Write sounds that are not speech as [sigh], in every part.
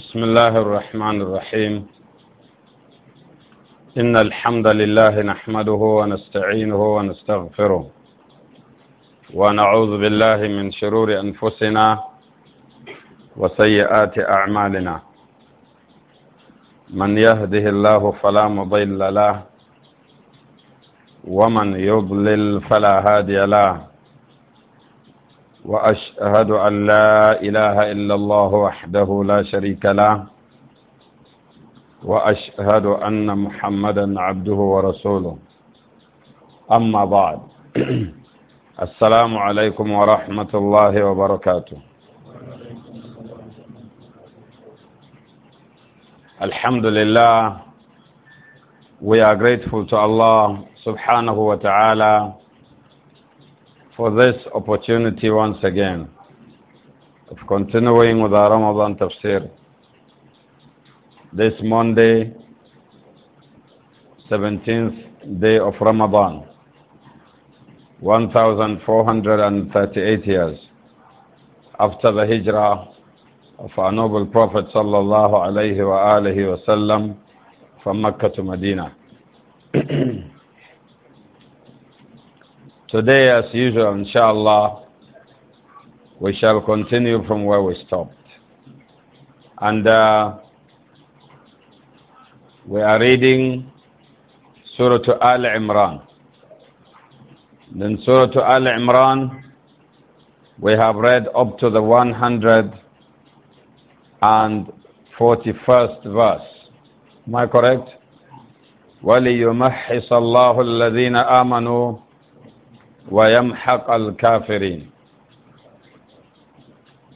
بسم الله الرحمن الرحيم إن الحمد لله نحمده ونستعينه ونستغفره ونعوذ بالله من شرور أنفسنا وسيئات أعمالنا من يهده الله فلا مضل له ومن يضلل فلا هادي له وأشهد أن لا إله إلا الله وحده لا شريك له وأشهد أن محمدا عبده ورسوله أما بعد [clears throat] السلام عليكم ورحمة الله وبركاته الحمد لله we are grateful to Allah subhanahu wa ta'ala for this opportunity once again of continuing with our Ramadan tafsir this Monday, 17th day of Ramadan, 1438 years after the hijrah of our noble Prophet sallallahu alayhi wa alihi wa sallam from Mecca to Medina. [clears throat] Today, as usual, inshallah, we shall continue from where we stopped. And uh, we are reading Surah Al Imran. Then Surah Al Imran, we have read up to the 141st verse. Am I correct? وَلِيُمَحِّصَ اللَّهُ الَّذِينَ آمَنُوا وَيَمْحَقَ الْكَافِرِينَ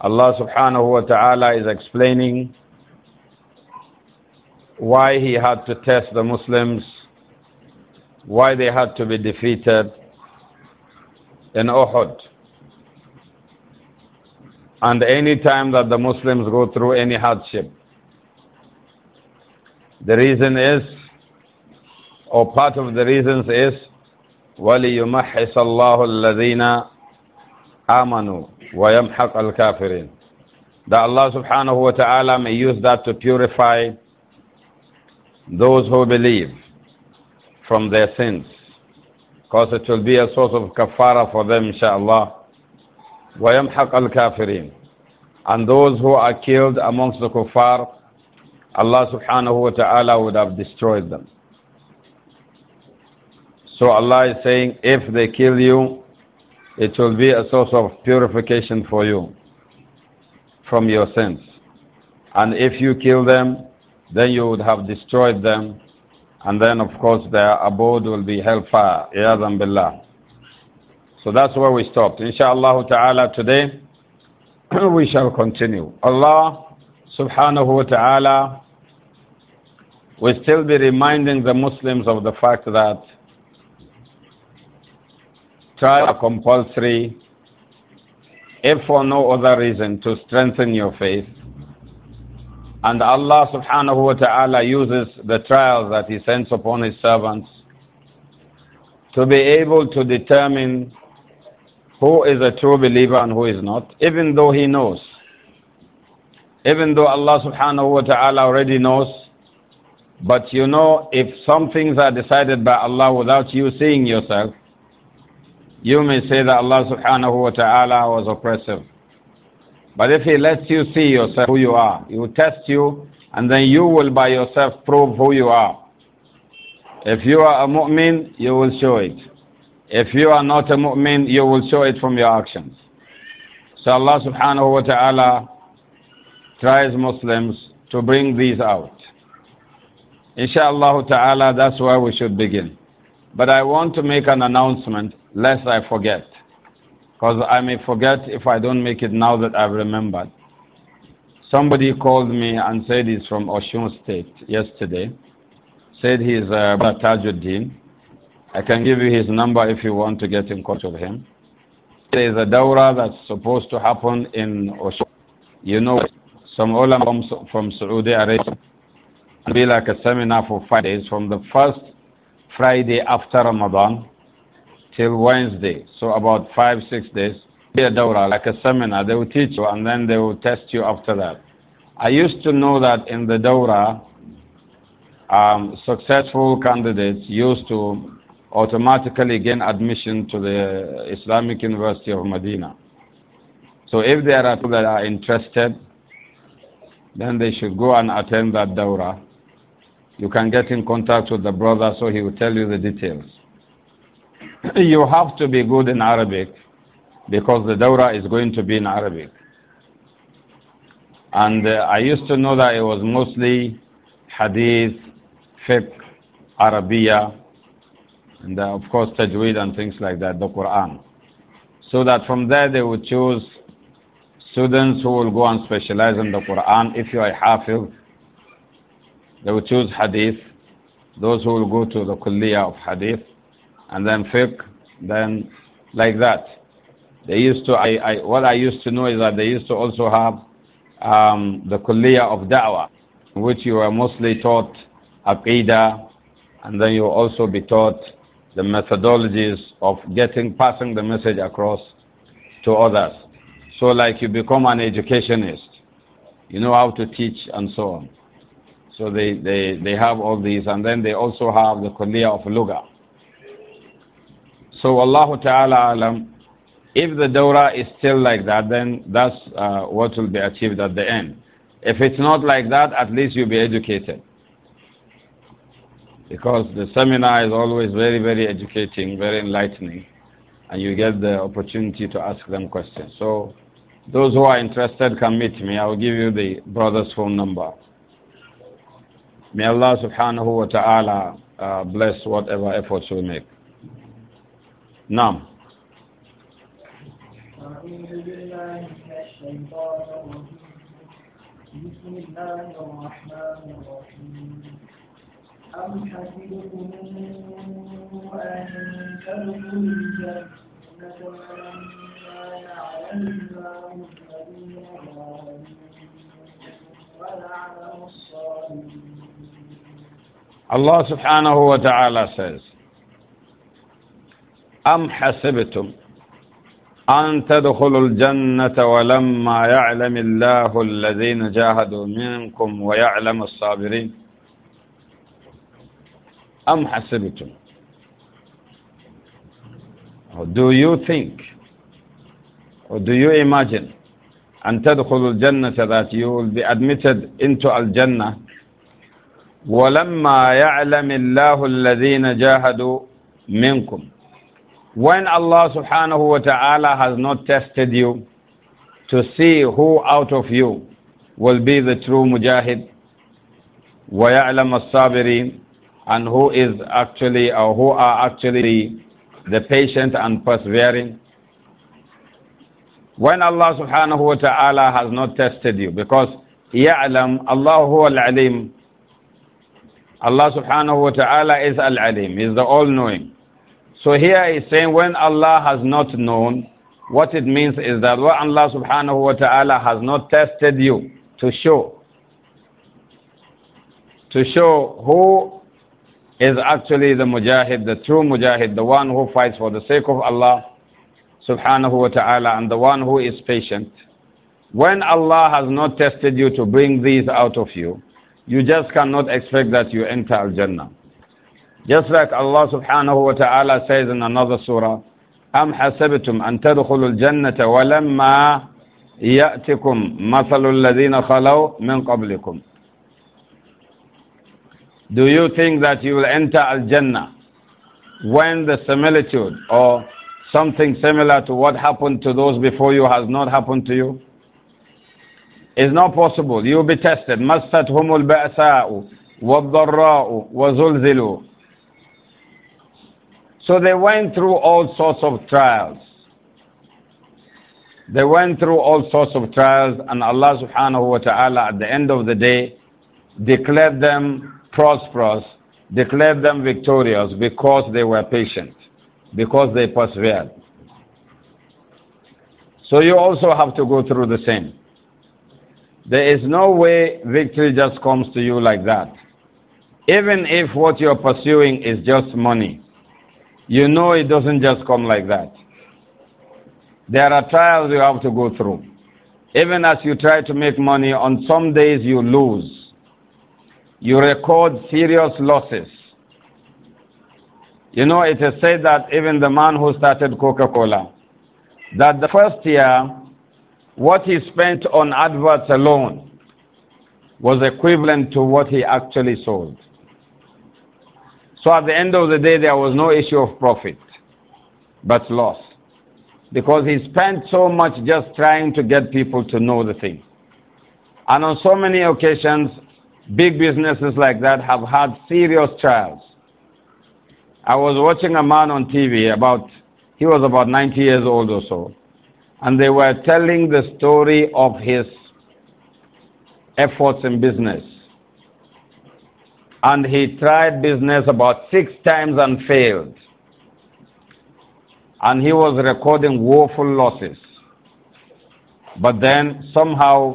Allah subhanahu wa ta'ala is explaining why he had to test the Muslims, why they had to be defeated in Uhud. And any time that the Muslims go through any hardship, the reason is, or part of the reasons is, وَلِيُمَحِّصَ اللَّهُ الَّذِينَ آمَنُوا وَيَمْحَقَ الْكَافِرِينَ That Allah subhanahu wa ta'ala may use that to purify those who believe from their sins. Because it will be a source of kafara for them, inshaAllah. وَيَمْحَقَ الْكَافِرِينَ And those who are killed amongst the kuffar, Allah subhanahu wa ta'ala would have destroyed them. So Allah is saying, if they kill you, it will be a source of purification for you from your sins. And if you kill them, then you would have destroyed them. And then, of course, their abode will be hellfire. Iyadhan billah. So that's where we stopped. Insha'Allah ta'ala today, [clears throat] we shall continue. Allah subhanahu wa ta'ala will still be reminding the Muslims of the fact that Try a compulsory, if for no other reason, to strengthen your faith. And Allah subhanahu wa ta'ala uses the trials that He sends upon His servants to be able to determine who is a true believer and who is not, even though He knows. Even though Allah subhanahu wa ta'ala already knows, but you know, if some things are decided by Allah without you seeing yourself, you may say that Allah subhanahu wa ta'ala was oppressive. But if He lets you see yourself who you are, He will test you, and then you will by yourself prove who you are. If you are a mu'min, you will show it. If you are not a mu'min, you will show it from your actions. So Allah subhanahu wa ta'ala tries Muslims to bring these out. Inshallah ta'ala, that's where we should begin. But I want to make an announcement lest I forget. Because I may forget if I don't make it now that I've remembered. Somebody called me and said he's from Oshun State yesterday. Said he's uh, Tajuddin. I can give you his number if you want to get in touch with him. There is a dawra that's supposed to happen in Oshun. You know, some ulama from, from Saudi Arabia be like a seminar for five days from the first Friday after Ramadan till Wednesday. So about five, six days. Be a like a seminar. They will teach you and then they will test you after that. I used to know that in the dawra, um, successful candidates used to automatically gain admission to the Islamic University of Medina. So if there are people that are interested, then they should go and attend that dawra. You can get in contact with the brother so he will tell you the details. [laughs] you have to be good in Arabic because the Dawra is going to be in Arabic. And uh, I used to know that it was mostly Hadith, Fiqh, Arabiya, and uh, of course Tajweed and things like that, the Quran. So that from there they would choose students who will go and specialize in the Quran. If you are a Hafiz, they will choose Hadith. Those who will go to the Kulliyah of Hadith, and then fiqh, then like that. They used to, I, I, what I used to know is that they used to also have um, the kulliyah of da'wah, which you were mostly taught aqidah, and then you also be taught the methodologies of getting, passing the message across to others. So like you become an educationist, you know how to teach and so on. So they, they, they have all these, and then they also have the kulliyah of lugha so Allah Ta'ala alam, if the dawrah is still like that, then that's uh, what will be achieved at the end. If it's not like that, at least you'll be educated. Because the seminar is always very, very educating, very enlightening, and you get the opportunity to ask them questions. So those who are interested can meet me. I will give you the brother's phone number. May Allah subhanahu wa ta'ala uh, bless whatever efforts we make. نعم بسم الله الرحمن الرحيم أم حسبتم أن تدخلوا الجنة ولما يعلم الله الذين ظلموا ويعلم الصالحين الله سبحانه وتعالى says أم حسبتم أن تدخلوا الجنة ولما يعلم الله الذين جاهدوا منكم ويعلم الصابرين أم حسبتم Or do you think or do you imagine أن تدخلوا الجنة that you will be admitted into الجنة ولما يعلم الله الذين جاهدوا منكم When Allah subhanahu wa ta'ala has not tested you to see who out of you will be the true mujahid, وَيَعْلَمَ الصَّابِرِينَ and who is actually or who are actually the patient and persevering. When Allah subhanahu wa ta'ala has not tested you, because يَعْلَمْ اللَّهُ هُوَ الْعَلِيمُ Allah subhanahu wa ta'ala is Al-Alim, is the all-knowing. So here he's saying when Allah has not known, what it means is that Allah subhanahu wa ta'ala has not tested you to show, to show who is actually the mujahid, the true mujahid, the one who fights for the sake of Allah subhanahu wa ta'ala and the one who is patient. When Allah has not tested you to bring these out of you, you just cannot expect that you enter Al-Jannah. Just like Allah subhanahu wa ta'ala says in another surah, أَمْ حَسَبْتُمْ أَن تَدْخُلُوا الْجَنَّةَ وَلَمَّا يَأْتِكُمْ مَثَلُ الَّذِينَ خَلَوْا مِنْ قَبْلِكُمْ Do you think that you will enter Al-Jannah when the similitude or something similar to what happened to those before you has not happened to you? It's not possible. You'll be tested. مَسَّتْهُمُ الْبَأْسَاءُ وَالضَّرَّاءُ وَزُلْزِلُوا so they went through all sorts of trials. They went through all sorts of trials, and Allah subhanahu wa ta'ala at the end of the day declared them prosperous, declared them victorious because they were patient, because they persevered. So you also have to go through the same. There is no way victory just comes to you like that. Even if what you're pursuing is just money you know it doesn't just come like that. There are trials you have to go through. Even as you try to make money, on some days you lose. You record serious losses. You know, it is said that even the man who started Coca Cola, that the first year, what he spent on adverts alone was equivalent to what he actually sold. So at the end of the day, there was no issue of profit, but loss. Because he spent so much just trying to get people to know the thing. And on so many occasions, big businesses like that have had serious trials. I was watching a man on TV about, he was about 90 years old or so, and they were telling the story of his efforts in business and he tried business about six times and failed. And he was recording woeful losses. But then somehow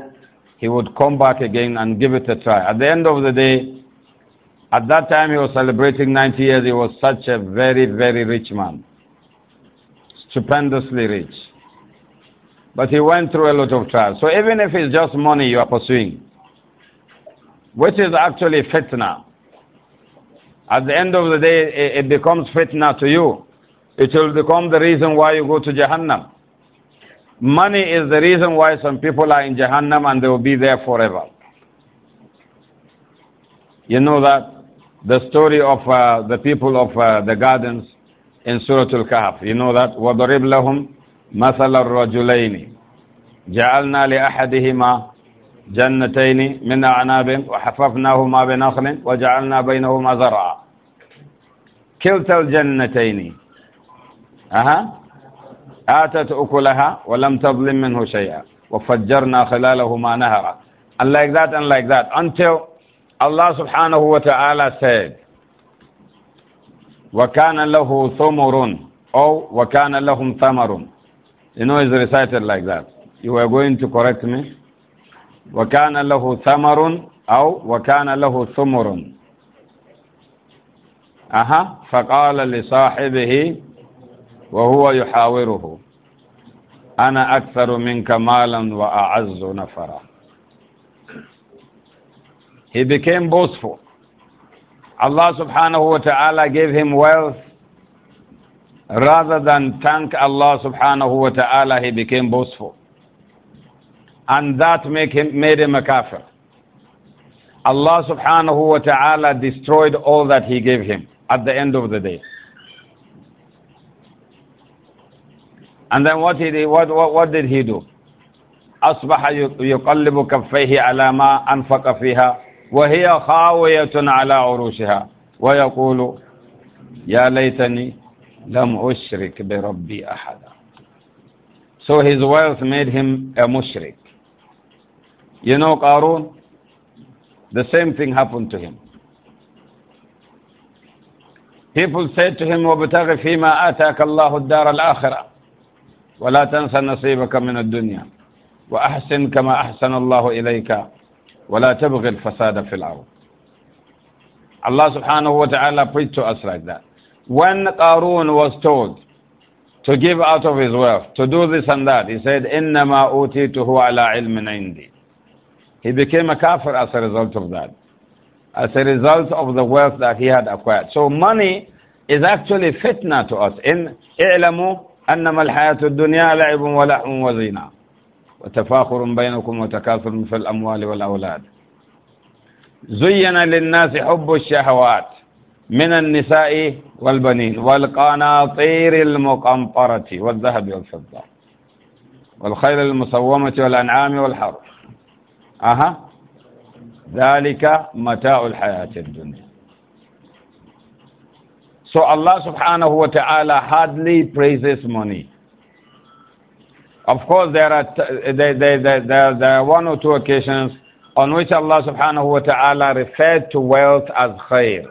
he would come back again and give it a try. At the end of the day, at that time he was celebrating 90 years, he was such a very, very rich man. Stupendously rich. But he went through a lot of trials. So even if it's just money you are pursuing, which is actually fitna, at the end of the day, it, it becomes fitna to you. It will become the reason why you go to Jahannam. Money is the reason why some people are in Jahannam and they will be there forever. You know that the story of uh, the people of uh, the gardens in Surah Al-Kahf. You know that وَضَرِبْ لَهُمْ مَثَلَ الرَّجُلَيْنِ جَعَلْنَا لِأَحَدِهِمَا جنتين من أعناب وحففناهما بنخل وجعلنا بينهما زرعا كلتا الجنتين أها آتت أكلها ولم تظلم منه شيئا وفجرنا خلالهما نهرا and like that and like that until Allah subhanahu wa ta'ala said وَكَانَ لَهُ ثُمُرٌ أو وَكَانَ لَهُمْ ثَمَرٌ you know it's recited like that you are going to correct me وكان له ثمر أو وكان له ثمر أها فقال لصاحبه وهو يحاوره أنا أكثر منك مالا وأعز نفرا He became boastful. Allah subhanahu wa ta'ala gave him wealth. Rather than thank Allah subhanahu wa ta'ala, he became boastful. and that make him, made him a kafir. Allah subhanahu wa ta'ala destroyed all that he gave him at the end of the day. And then what, he, what, what, what did he do? أصبح يقلب كفيه على ما أنفق فيها وهي خاوية على عروشها ويقول يا ليتني لم أشرك بربي أحدا So his wealth made him a mushrik. You know Qarun? The same thing happened to him. People said to him, وَبْتَغِ فِي مَا آتَاكَ اللَّهُ الدَّارَ الْآخِرَةِ وَلَا تَنْسَ نَصِيبَكَ مِنَ الدُّنْيَا وَأَحْسِنْ كَمَا أَحْسَنَ اللَّهُ إِلَيْكَ وَلَا تَبْغِ الْفَسَادَ فِي الْأَرْضِ Allah subhanahu wa ta'ala preached to us like that. When Qarun was told to give out of his wealth, to do this and that, he said, إِنَّمَا أُوتِيتُهُ عَلَىٰ عِلْمٍ عِنْدِي He became a kafir as a result of that, as a result of the wealth that he had acquired. So money is actually fitna to us. In اعلموا أنما الحياة الدنيا لعب ولحم وزينة وتفاخر بينكم وتكاثر في الأموال والأولاد زين للناس حب الشهوات من النساء والبنين والقناطير المقنطرة والذهب والفضة والخيل المصومة والأنعام والحرث Aha. ذَلِكَ مَتَاعُ الْحَيَاةِ الدُّنْيَا So Allah subhanahu wa ta'ala hardly praises money. Of course, there are, there, there are one or two occasions on which Allah subhanahu wa ta'ala referred to wealth as khair.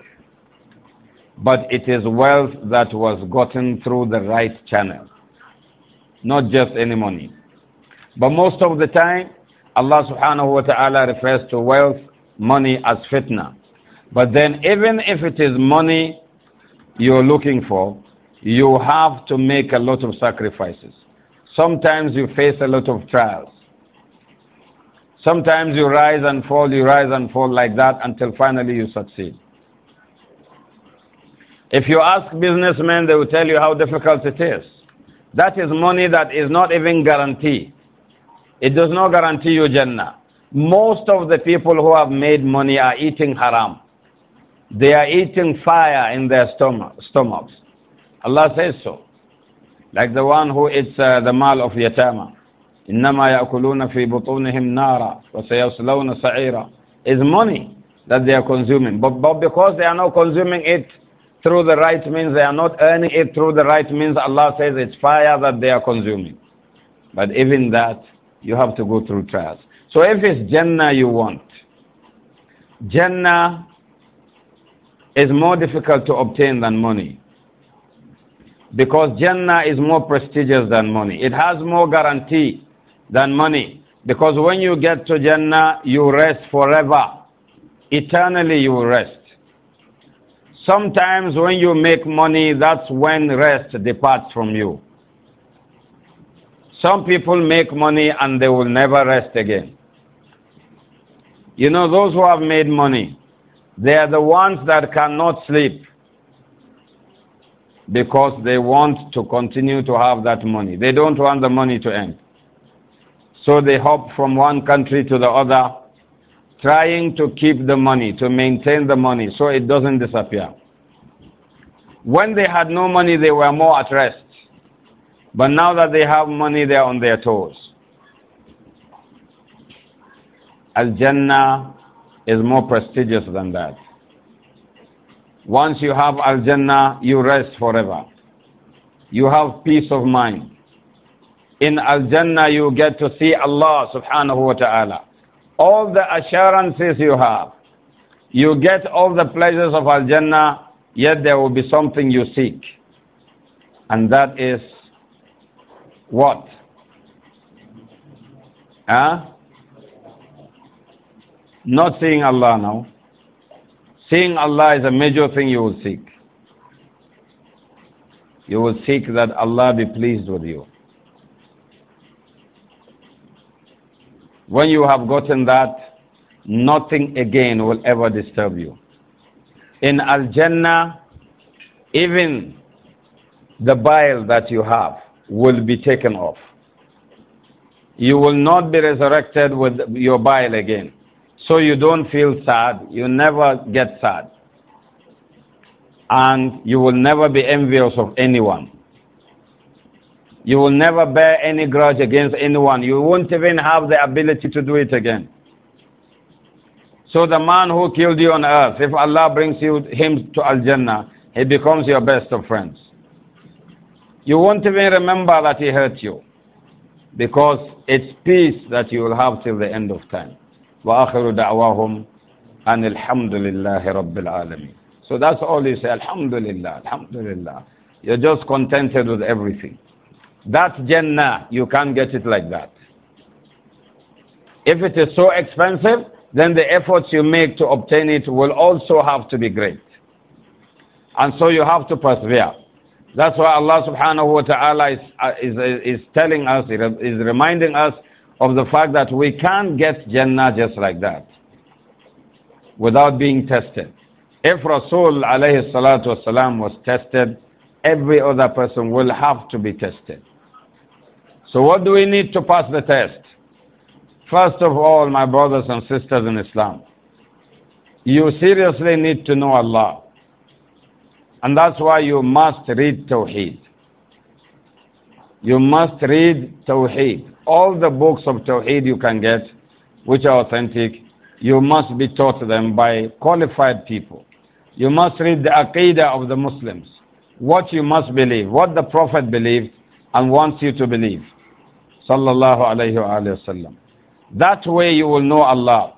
But it is wealth that was gotten through the right channel, not just any money. But most of the time, Allah subhanahu wa ta'ala refers to wealth, money as fitna. But then, even if it is money you're looking for, you have to make a lot of sacrifices. Sometimes you face a lot of trials. Sometimes you rise and fall, you rise and fall like that until finally you succeed. If you ask businessmen, they will tell you how difficult it is. That is money that is not even guaranteed. It does not guarantee you Jannah. Most of the people who have made money are eating haram. They are eating fire in their stomach, stomachs. Allah says so. Like the one who eats uh, the mal of yatama. إنما يأكلون في بطونهم نارا وسيصلون سعيرا is money that they are consuming. But, but because they are not consuming it through the right means, they are not earning it through the right means, Allah says it's fire that they are consuming. But even that, you have to go through trials. So if it's Jannah you want, Jannah is more difficult to obtain than money. Because Jannah is more prestigious than money. It has more guarantee than money. Because when you get to Jannah, you rest forever. Eternally you rest. Sometimes when you make money, that's when rest departs from you. Some people make money and they will never rest again. You know, those who have made money, they are the ones that cannot sleep because they want to continue to have that money. They don't want the money to end. So they hop from one country to the other, trying to keep the money, to maintain the money so it doesn't disappear. When they had no money, they were more at rest. But now that they have money, they are on their toes. Al Jannah is more prestigious than that. Once you have Al Jannah, you rest forever. You have peace of mind. In Al Jannah, you get to see Allah subhanahu wa ta'ala. All the assurances you have, you get all the pleasures of Al Jannah, yet there will be something you seek. And that is what? Huh? Not seeing Allah now. Seeing Allah is a major thing you will seek. You will seek that Allah be pleased with you. When you have gotten that, nothing again will ever disturb you. In Al Jannah, even the bile that you have will be taken off. You will not be resurrected with your bile again. So you don't feel sad. You never get sad. And you will never be envious of anyone. You will never bear any grudge against anyone. You won't even have the ability to do it again. So the man who killed you on earth, if Allah brings you him to Al Jannah, he becomes your best of friends. You won't even remember that he hurt you because it's peace that you will have till the end of time. وآخر دعواهم أن الحمد لله رب العالمين. So that's all you say, Alhamdulillah, Alhamdulillah. You're just contented with everything. That's Jannah. You can't get it like that. If it is so expensive, then the efforts you make to obtain it will also have to be great. And so you have to persevere. That's why Allah subhanahu wa ta'ala is, uh, is, uh, is telling us, is reminding us of the fact that we can't get Jannah just like that without being tested. If Rasul alayhi salatu wasalam was tested, every other person will have to be tested. So what do we need to pass the test? First of all, my brothers and sisters in Islam, you seriously need to know Allah. And that's why you must read Tawheed. You must read Tawheed. All the books of Tawheed you can get, which are authentic, you must be taught them by qualified people. You must read the Aqidah of the Muslims. What you must believe, what the Prophet believed and wants you to believe. Sallallahu alayhi wa sallam. That way you will know Allah.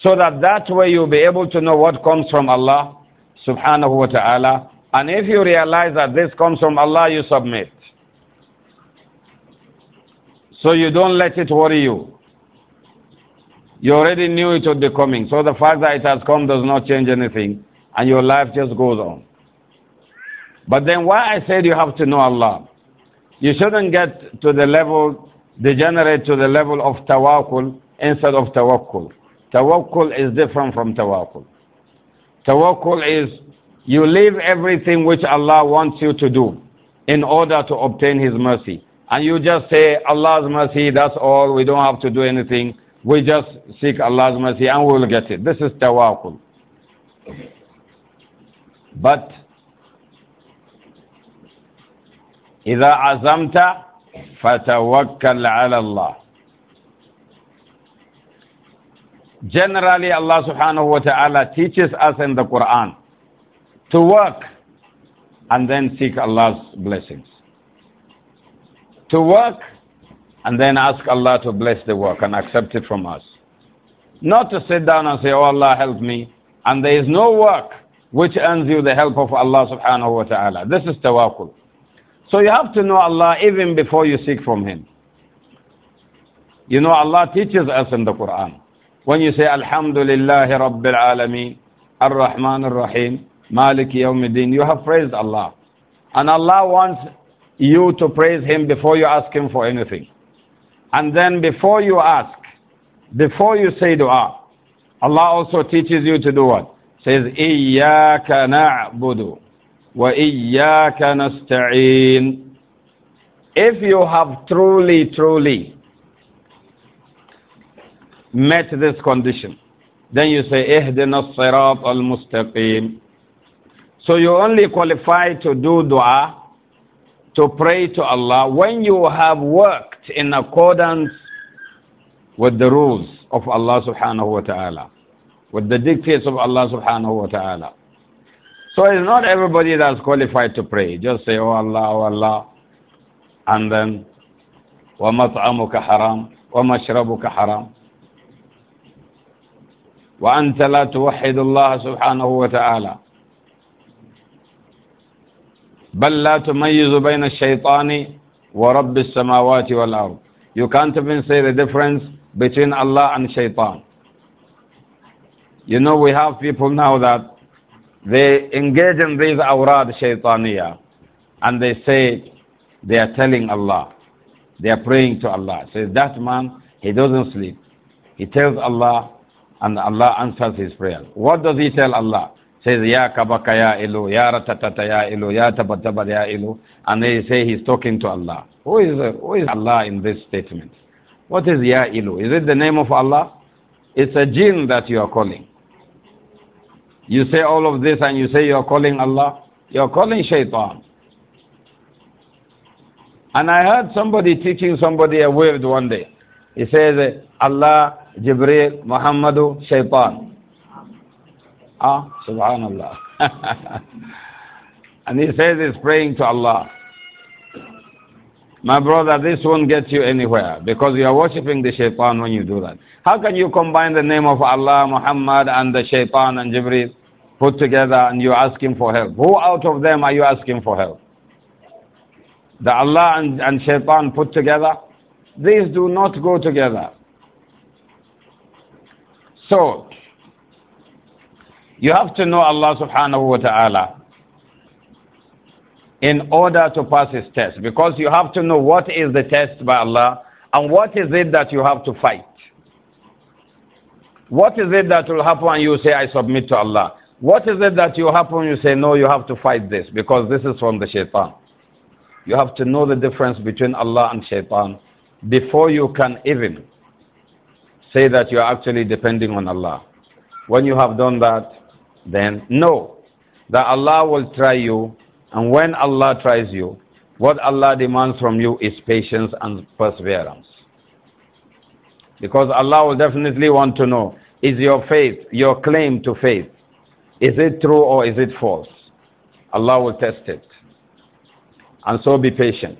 So that that way you'll be able to know what comes from Allah subhanahu wa ta'ala and if you realize that this comes from Allah, you submit. So you don't let it worry you. You already knew it would be coming. So the fact that it has come does not change anything. And your life just goes on. But then why I said you have to know Allah? You shouldn't get to the level, degenerate to the level of tawakkul instead of tawakkul. Tawakkul is different from tawakkul. Tawakkul is you leave everything which Allah wants you to do in order to obtain His mercy. And you just say, Allah's mercy, that's all. We don't have to do anything. We just seek Allah's mercy and we will get it. This is tawakkul. But إذا عزمت فتوكل على الله Generally, Allah subhanahu wa ta'ala teaches us in the Quran to work and then seek Allah's blessings. To work and then ask Allah to bless the work and accept it from us. Not to sit down and say, Oh Allah, help me. And there is no work which earns you the help of Allah subhanahu wa ta'ala. This is tawakkul. So you have to know Allah even before you seek from Him. You know, Allah teaches us in the Quran. When you say, Alhamdulillahi Rabbil Alameen, Ar-Rahman Ar-Rahim, Malik Yawmiddin. You have praised Allah. And Allah wants you to praise Him before you ask Him for anything. And then before you ask, before you say dua, Allah also teaches you to do what? Says, إِيَّاكَ نَعْبُدُ وَإِيَّاكَ نَسْتَعِينُ If you have truly, truly met this condition, then you say, إِهْدِنَا الصِّرَاطَ الْمُسْتَقِيمِ so you only qualify to do dua, to pray to Allah, when you have worked in accordance with the rules of Allah subhanahu wa ta'ala, with the dictates of Allah subhanahu wa ta'ala. So it's not everybody that's qualified to pray. Just say, Oh Allah, Oh Allah, and then, وَمَطْعَمُكَ حَرَامٌ وَمَشْرَبُكَ حَرَامٌ وأنت لا توحد الله سبحانه وتعالى بل لا تميز بين الشيطان ورب السماوات والأرض You can't even say the difference between Allah and shaitan. You know we have people now that they engage in these awrad shaitaniyah and they say they are telling Allah. They are praying to Allah. so that man, he doesn't sleep. He tells Allah and Allah answers his prayer. What does he tell Allah? says, Ya Kabaka Ya Ilu, Ya Ratatata Ya Ilu, Ya Tabataba Ya Ilu, and they say he's talking to Allah. Who is, who is Allah in this statement? What is Ya Ilu? Is it the name of Allah? It's a jinn that you are calling. You say all of this and you say you are calling Allah. You are calling shaitan. And I heard somebody teaching somebody a word one day. He says, Allah, Jibreel, Muhammadu, Shaitan. Ah, subhanallah. [laughs] and he says he's praying to Allah. My brother, this won't get you anywhere because you are worshipping the shaitan when you do that. How can you combine the name of Allah, Muhammad, and the shaitan and Jibreel put together and you are asking for help? Who out of them are you asking for help? The Allah and, and shaitan put together? These do not go together. So, you have to know Allah subhanahu wa ta'ala in order to pass his test because you have to know what is the test by Allah and what is it that you have to fight. What is it that will happen when you say, I submit to Allah? What is it that you happen you say, no, you have to fight this because this is from the shaitan. You have to know the difference between Allah and shaitan before you can even say that you are actually depending on Allah. When you have done that, then? know That Allah will try you, and when Allah tries you, what Allah demands from you is patience and perseverance. Because Allah will definitely want to know is your faith, your claim to faith, is it true or is it false? Allah will test it. And so be patient.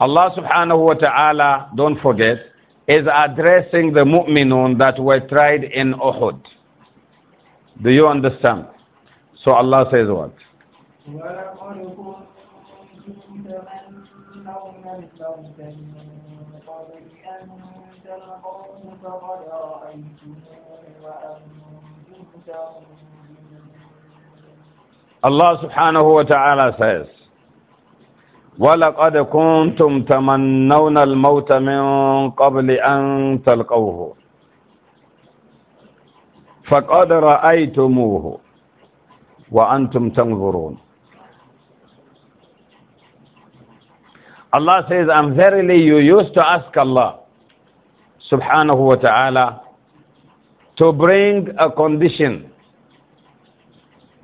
Allah subhanahu wa ta'ala, don't forget, is addressing the mu'minun that were tried in Uhud. Do you understand? So Allah says what? Allah subhanahu wa ta'ala says, وَلَقَدْ كُنْتُمْ تَمَنَّوْنَ الْمَوْتَ مِنْ قَبْلِ أَنْ تَلْقَوْهُ فَقَدْ رَأَيْتُمُوهُ وَأَنْتُمْ تَنْظُرُونَ Allah says, and verily you used to ask Allah subhanahu wa ta'ala to bring a condition,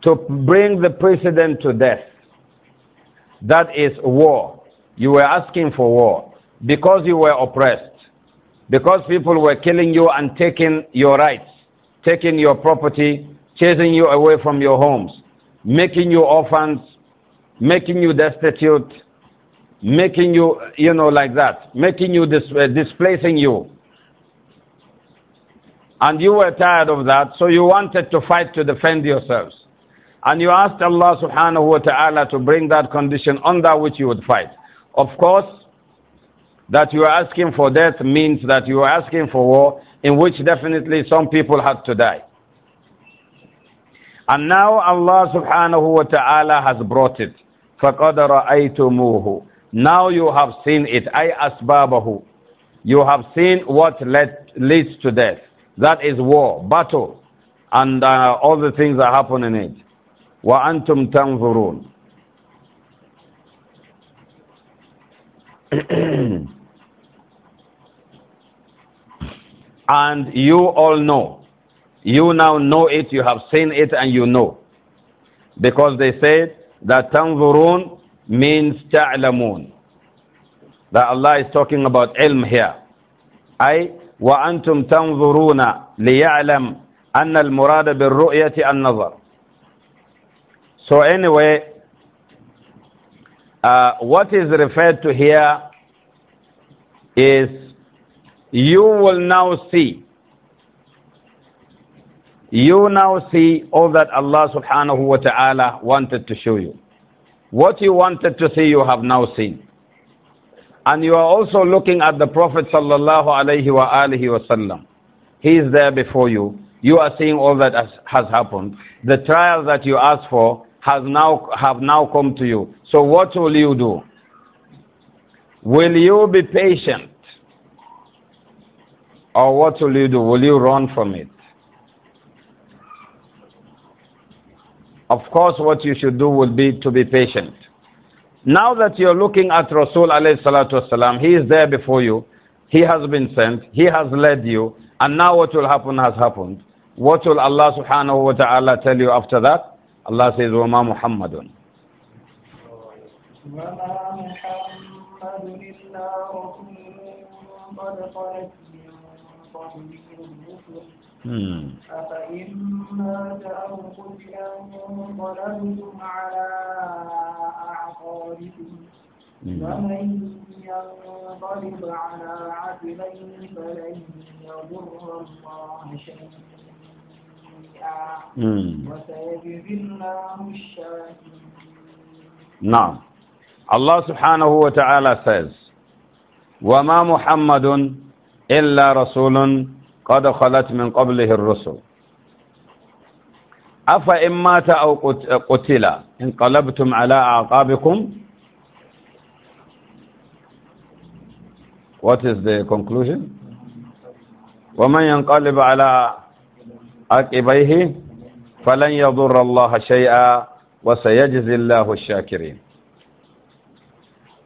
to bring the president to death. That is war. You were asking for war because you were oppressed, because people were killing you and taking your rights taking your property, chasing you away from your homes, making you orphans, making you destitute, making you, you know, like that, making you, dis uh, displacing you. And you were tired of that, so you wanted to fight to defend yourselves. And you asked Allah subhanahu wa ta'ala to bring that condition under which you would fight. Of course, that you are asking for death means that you are asking for war in which definitely some people had to die. And now Allah subhanahu wa ta'ala has brought it. فَقَدْ رَأَيْتُمُوهُ Now you have seen it. أي أسبابه. You have seen what led, leads to death. That is war, battle, and uh, all the things that happen in it. وَأَنْتُمْ تَنْظُرُونَ [clears throat] And you all know. You now know it, you have seen it, and you know. Because they said that tanzurun means ta'lamun. That Allah is talking about ilm here. أي وأنتم تنظرون ليعلم أن المراد بالرؤية النظر. So anyway, uh, what is referred to here is you will now see. You now see all that Allah subhanahu wa ta'ala wanted to show you. What you wanted to see, you have now seen. And you are also looking at the Prophet sallallahu alayhi wa alihi wasallam. He is there before you. You are seeing all that has, has happened. The trial that you asked for has now, have now come to you. So what will you do? Will you be patient? Or what will you do? Will you run from it? Of course, what you should do will be to be patient. Now that you're looking at Rasul alayhi salatu wasalam, he is there before you. He has been sent. He has led you. And now what will happen has happened. What will Allah subhanahu wa ta'ala tell you after that? Allah says, "Wama مُحَمَّدٌ وَمَا مُحَمَّدٌ إِلَّا رَسُولٌ قَدْ خَلَتْ على أعقابكم ومن على فلن يضر الله شيئا الله الشاكرين نعم الله سبحانه وتعالى says وما محمد إلا رسول قد خلت من قبله الرسل أفإن مات أو قتل انقلبتم على أعقابكم What is the conclusion? ومن ينقلب على عقبيه فلن يضر الله شيئا وسيجزي الله الشاكرين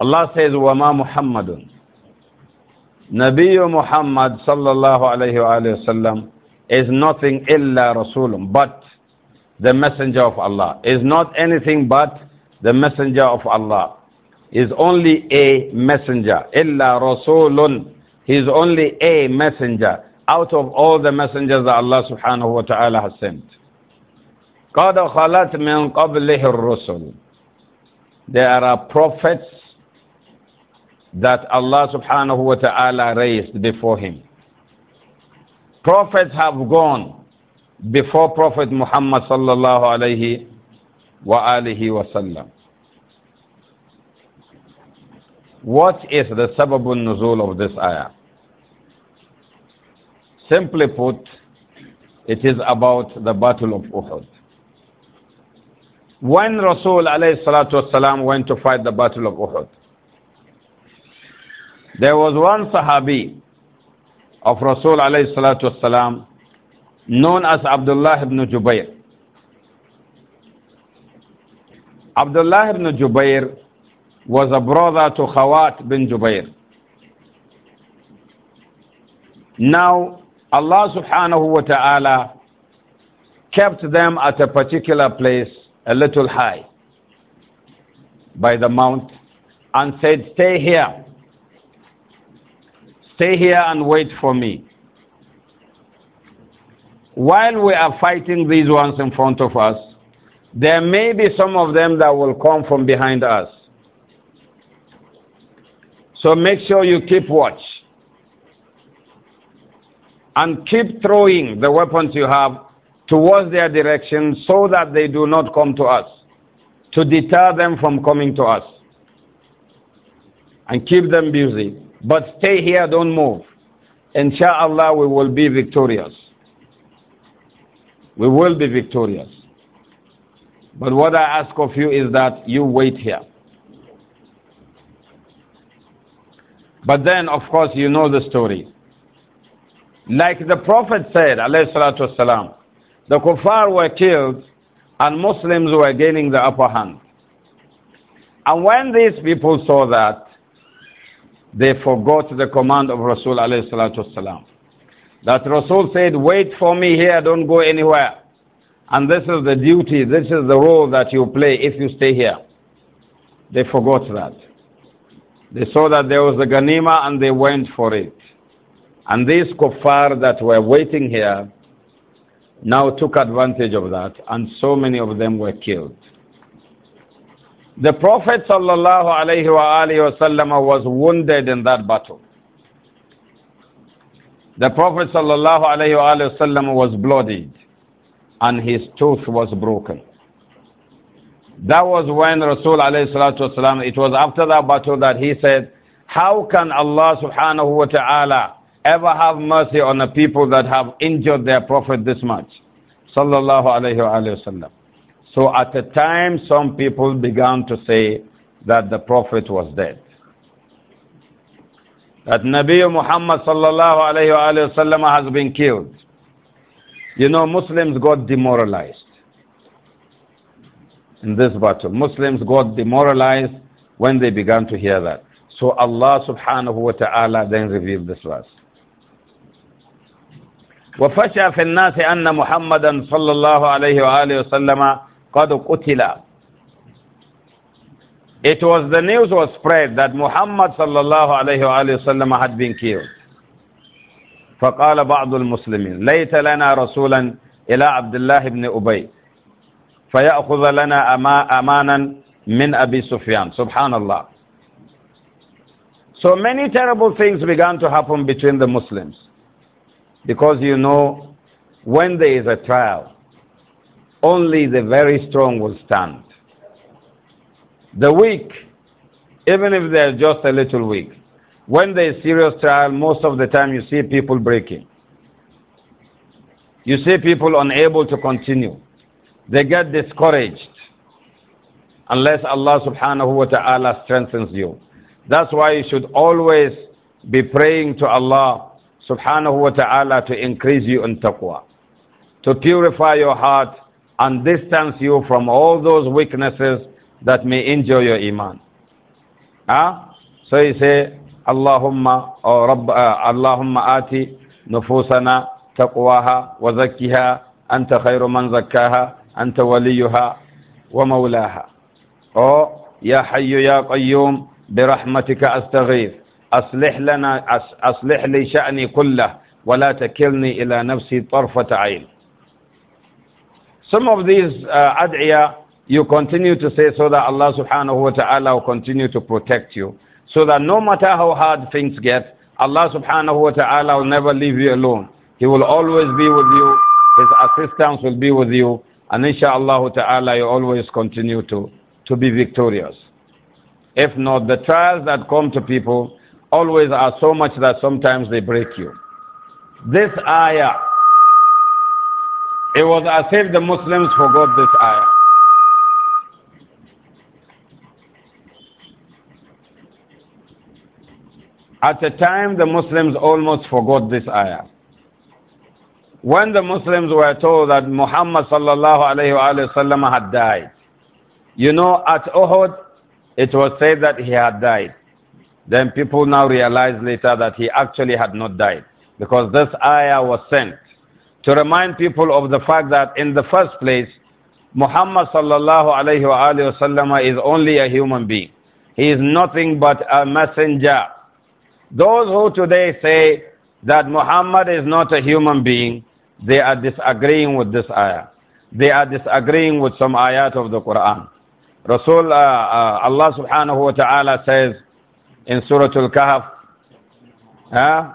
الله says وما محمد Nabi Muhammad sallallahu alayhi wa sallam is nothing illa Rasulun, but the messenger of Allah. Is not anything but the messenger of Allah. Is only a messenger. Illa Rasulun. He is only a messenger out of all the messengers that Allah subhanahu wa ta'ala has sent. قَدْ خَلَتْ مِنْ قَبْلِهِ الرُّسُلُ There are prophets that Allah subhanahu wa ta'ala raised before him. Prophets have gone before Prophet Muhammad sallallahu alayhi wa alihi wa sallam. What is the sababun nuzul of this ayah? Simply put, it is about the battle of Uhud. When Rasul alayhi salatu went to fight the battle of Uhud, there was one Sahabi of Rasul alayhi salatu wasalam known as Abdullah ibn Jubair. Abdullah ibn Jubair was a brother to Khawat bin Jubair. Now, Allah subhanahu wa ta'ala kept them at a particular place, a little high, by the mount, and said, Stay here Stay here and wait for me. While we are fighting these ones in front of us, there may be some of them that will come from behind us. So make sure you keep watch. And keep throwing the weapons you have towards their direction so that they do not come to us, to deter them from coming to us. And keep them busy. But stay here, don't move. Insha'Allah, we will be victorious. We will be victorious. But what I ask of you is that you wait here. But then, of course, you know the story. Like the Prophet said, والسلام, the kuffar were killed and Muslims were gaining the upper hand. And when these people saw that, they forgot the command of Rasul alayhi That Rasul said, wait for me here, don't go anywhere. And this is the duty, this is the role that you play if you stay here. They forgot that. They saw that there was a ganima and they went for it. And these kuffar that were waiting here now took advantage of that and so many of them were killed. The Prophet sallallahu was wounded in that battle. The Prophet sallallahu was bloodied and his tooth was broken. That was when Rasul والسلام, it was after that battle that he said, How can Allah subhanahu wa ta'ala ever have mercy on the people that have injured their Prophet this much? Sallallahu alayhi wa sallam. So at the time, some people began to say that the Prophet was dead. That Nabi Muhammad sallallahu alayhi wa sallam has been killed. You know, Muslims got demoralized in this battle. Muslims got demoralized when they began to hear that. So Allah subhanahu wa ta'ala then revealed this verse. وفشى في الناس أن محمدا صلى الله عليه وآله وسلم قَدْ قُتِلَ It was, the news was spread that Muhammad صلى sallallahu alayhi وسلم had been killed. فقال بعض المسلمين ليت لنا رسولا إلى عبد الله بن أبي فيأخذ لنا أمانا من أبي سفيان سبحان الله So many terrible things began to happen between the Muslims because you know when there is a trial only the very strong will stand. The weak, even if they are just a little weak, when there is serious trial, most of the time you see people breaking. You see people unable to continue. They get discouraged unless Allah subhanahu wa ta'ala strengthens you. That's why you should always be praying to Allah subhanahu wa ta'ala to increase you in taqwa, to purify your heart and distance you from all those weaknesses that may injure your iman. Huh? So you say, Allahumma, oh Rabb, uh, Allahumma ati nufusana taqwaha wa zakkiha anta khayru man zakkaha anta waliyuha wa mawlaha. Oh, ya hayyu ya qayyum برحمتك أستغيث أصلح لنا أصلح لي شأني كله ولا تكلني إلى نفسي طرفة عين Some of these uh, ad'iyah you continue to say so that Allah subhanahu wa ta'ala will continue to protect you. So that no matter how hard things get, Allah subhanahu wa ta'ala will never leave you alone. He will always be with you. His assistance will be with you. And inshallah ta'ala you always continue to, to be victorious. If not, the trials that come to people always are so much that sometimes they break you. This ayah it was as if the Muslims forgot this ayah. At a time, the Muslims almost forgot this ayah. When the Muslims were told that Muhammad sallallahu alayhi sallam had died, you know, at Uhud, it was said that he had died. Then people now realize later that he actually had not died because this ayah was sent to remind people of the fact that in the first place, Muhammad sallallahu alayhi wa is only a human being. He is nothing but a messenger. Those who today say that Muhammad is not a human being, they are disagreeing with this ayah. They are disagreeing with some ayat of the Quran. Rasul, uh, uh, Allah subhanahu wa ta'ala says in Surah Al-Kahf,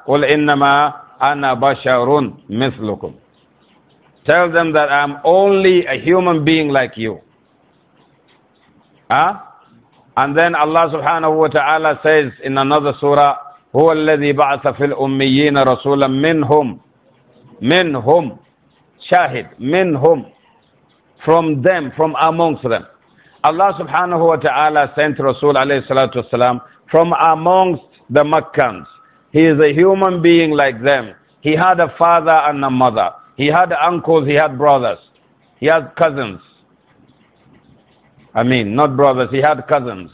قل إنما أنا بشر مثلكم Tell them that I'm only a human being like you. Huh? And then Allah subhanahu wa ta'ala says in another surah, هو الذي بعث في الأميين رسولا منهم منهم شاهد منهم from them, from amongst them. Allah subhanahu wa ta'ala sent Rasul alayhi salatu wasalam from amongst the Makkans. He is a human being like them. He had a father and a mother. He had uncles, he had brothers, he had cousins. I mean, not brothers, he had cousins.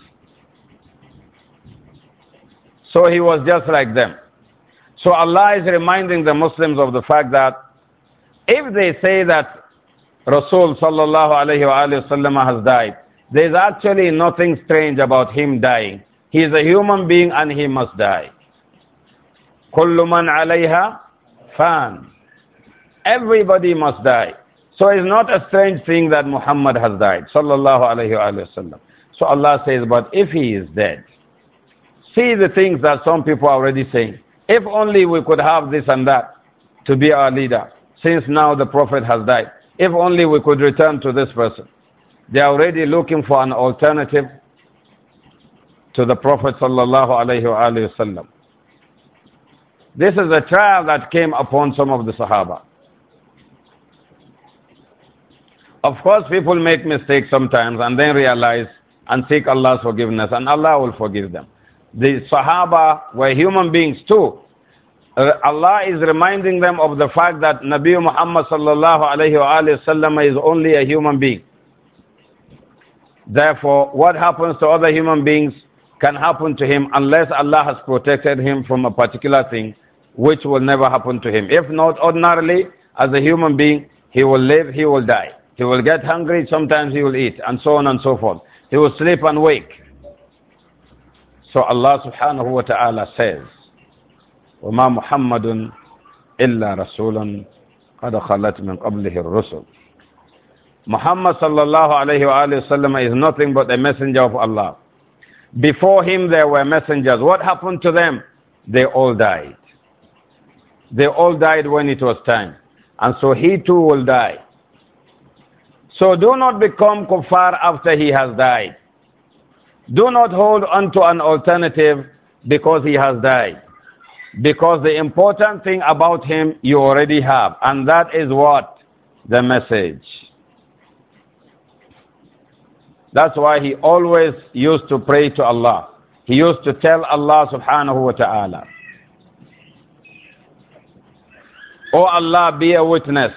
So he was just like them. So Allah is reminding the Muslims of the fact that if they say that Rasul sallallahu alayhi wa sallam has died, there is actually nothing strange about him dying. He is a human being and he must die. كل من عليها فان Everybody must die. So it's not a strange thing that Muhammad has died. Sallallahu alayhi wasallam. So Allah says, but if he is dead, see the things that some people are already saying. If only we could have this and that to be our leader, since now the Prophet has died. If only we could return to this person. They are already looking for an alternative to the Prophet sallallahu alayhi wasallam. This is a trial that came upon some of the Sahaba. Of course, people make mistakes sometimes and then realize and seek Allah's forgiveness, and Allah will forgive them. The Sahaba were human beings too. Uh, Allah is reminding them of the fact that Nabi Muhammad sallallahu alayhi wa is only a human being. Therefore, what happens to other human beings can happen to him unless Allah has protected him from a particular thing, which will never happen to him. If not, ordinarily, as a human being, he will live, he will die. He will get hungry, sometimes he will eat, and so on and so forth. He will sleep and wake. So Allah subhanahu wa ta'ala says, وَمَا مُحَمَّدٌ إِلَّا رَسُولٌ قَدْ خَلَتْ مِنْ قَبْلِهِ الرُّسُلُ Muhammad sallallahu alayhi wa, alayhi sallam is nothing but a messenger of Allah. Before him there were messengers. What happened to them? They all died. They all died when it was time. And so he too will die. So do not become kuffar after he has died. Do not hold on to an alternative because he has died. Because the important thing about him you already have, and that is what? The message. That's why he always used to pray to Allah. He used to tell Allah subhanahu wa ta'ala, O oh Allah, be a witness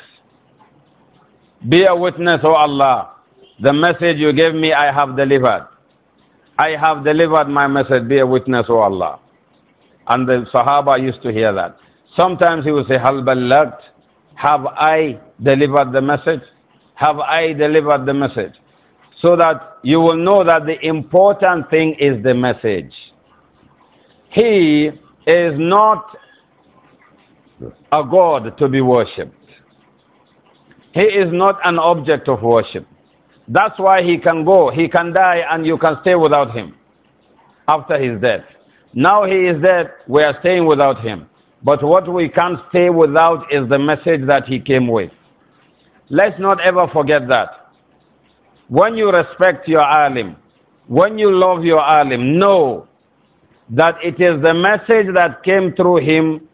be a witness, O Allah. The message you gave me, I have delivered. I have delivered my message. Be a witness, O Allah. And the Sahaba used to hear that. Sometimes he would say, Hal Have I delivered the message? Have I delivered the message? So that you will know that the important thing is the message. He is not a God to be worshipped. He is not an object of worship. That's why he can go, he can die, and you can stay without him after his death. Now he is dead, we are staying without him. But what we can't stay without is the message that he came with. Let's not ever forget that. When you respect your alim, when you love your alim, know that it is the message that came through him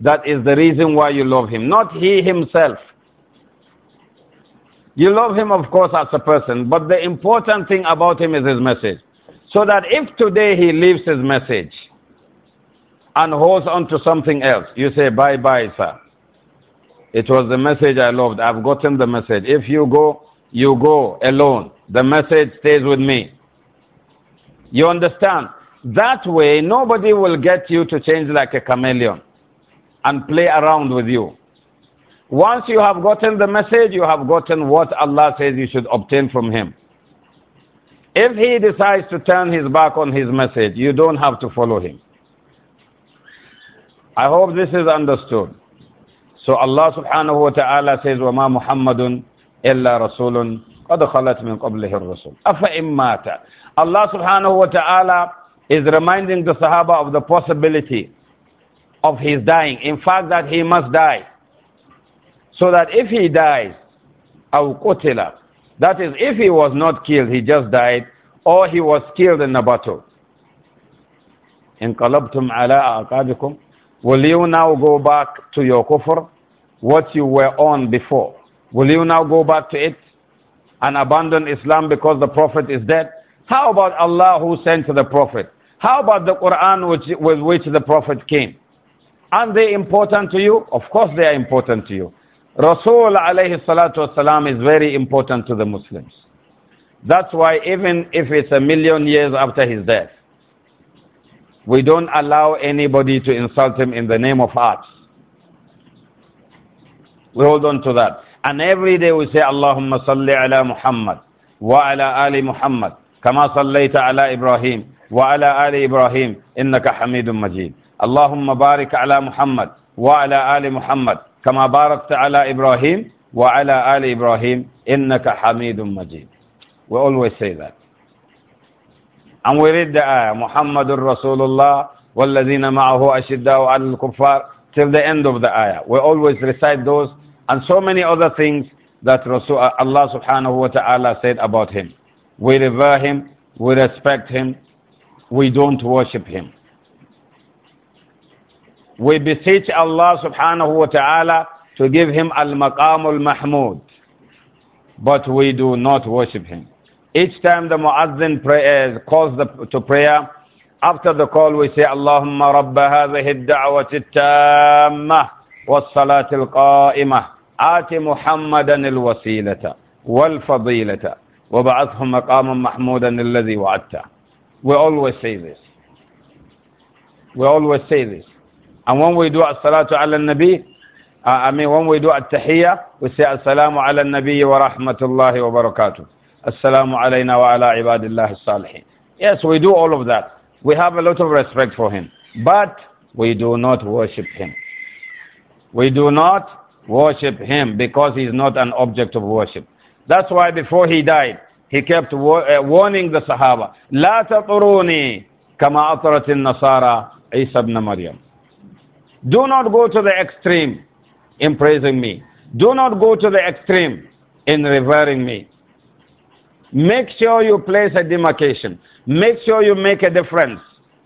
that is the reason why you love him, not he himself. You love him, of course, as a person, but the important thing about him is his message. So that if today he leaves his message and holds on to something else, you say, bye bye, sir. It was the message I loved. I've gotten the message. If you go, you go alone. The message stays with me. You understand? That way, nobody will get you to change like a chameleon and play around with you. Once you have gotten the message, you have gotten what Allah says you should obtain from Him. If He decides to turn His back on His message, you don't have to follow Him. I hope this is understood. So Allah subhanahu wa ta'ala says, وَمَا مُحَمَّدٌ إِلَّا رَسُولٌ قَدْ خَلَتْ مِنْ قَبْلِهِ الرَّسُولُ أَفَإِمْ مَاتَ Allah subhanahu wa ta'ala is reminding the Sahaba of the possibility of his dying. In fact, that he must die. So that if he dies, أو that is, if he was not killed, he just died, or he was killed in a battle. In انقلبتم ala أعقابكم Will you now go back to your kufr, what you were on before? Will you now go back to it and abandon Islam because the Prophet is dead? How about Allah who sent the Prophet? How about the Quran which, with which the Prophet came? Aren't they important to you? Of course they are important to you. Rasul alayhi salatu wasalam is very important to the Muslims. That's why even if it's a million years after his death, we don't allow anybody to insult him in the name of arts. We hold on to that. And every day we say, Allahumma salli ala Muhammad wa ala ali Muhammad kama sallaita ala Ibrahim wa ala ali Ibrahim innaka hamidun majid. Allahumma barik ala Muhammad wa ala ali Muhammad كما باركت على إبراهيم وعلى آل إبراهيم إنك حميد مجيد We always say that. And we read the ayah, محمد رسول الله والذين معه أشداء على الكفار till the end of the ayah. We always recite those and so many other things that Rasul, Allah subhanahu wa ta'ala said about him. We revere him, we respect him, we don't worship him. We beseech Allah subhanahu wa ta'ala to give him al-maqamul mahmud. But we do not worship him. Each time the muazzin prays, calls the, to prayer, after the call we say, Allahumma rabba hadhihi ad-da'wati at-tammah was-salati al-qa'imah آت wa الوسيلة والفضيلة وبعثه مقاما محمودا الذي وعدته We always say this. We always say this. And when we do as-salatu ala nabi, uh, I mean when we do at-tahiyya, we say as-salamu ala nabi wa rahmatullahi wa barakatuh. As-salamu alayna wa ala ibadillahi salihin. Yes, we do all of that. We have a lot of respect for him. But we do not worship him. We do not worship him because he is not an object of worship. That's why before he died, he kept uh, warning the Sahaba, لا تطروني كما أطرت النصارى عيسى بن مريم. Do not go to the extreme in praising me. Do not go to the extreme in revering me. Make sure you place a demarcation. Make sure you make a difference.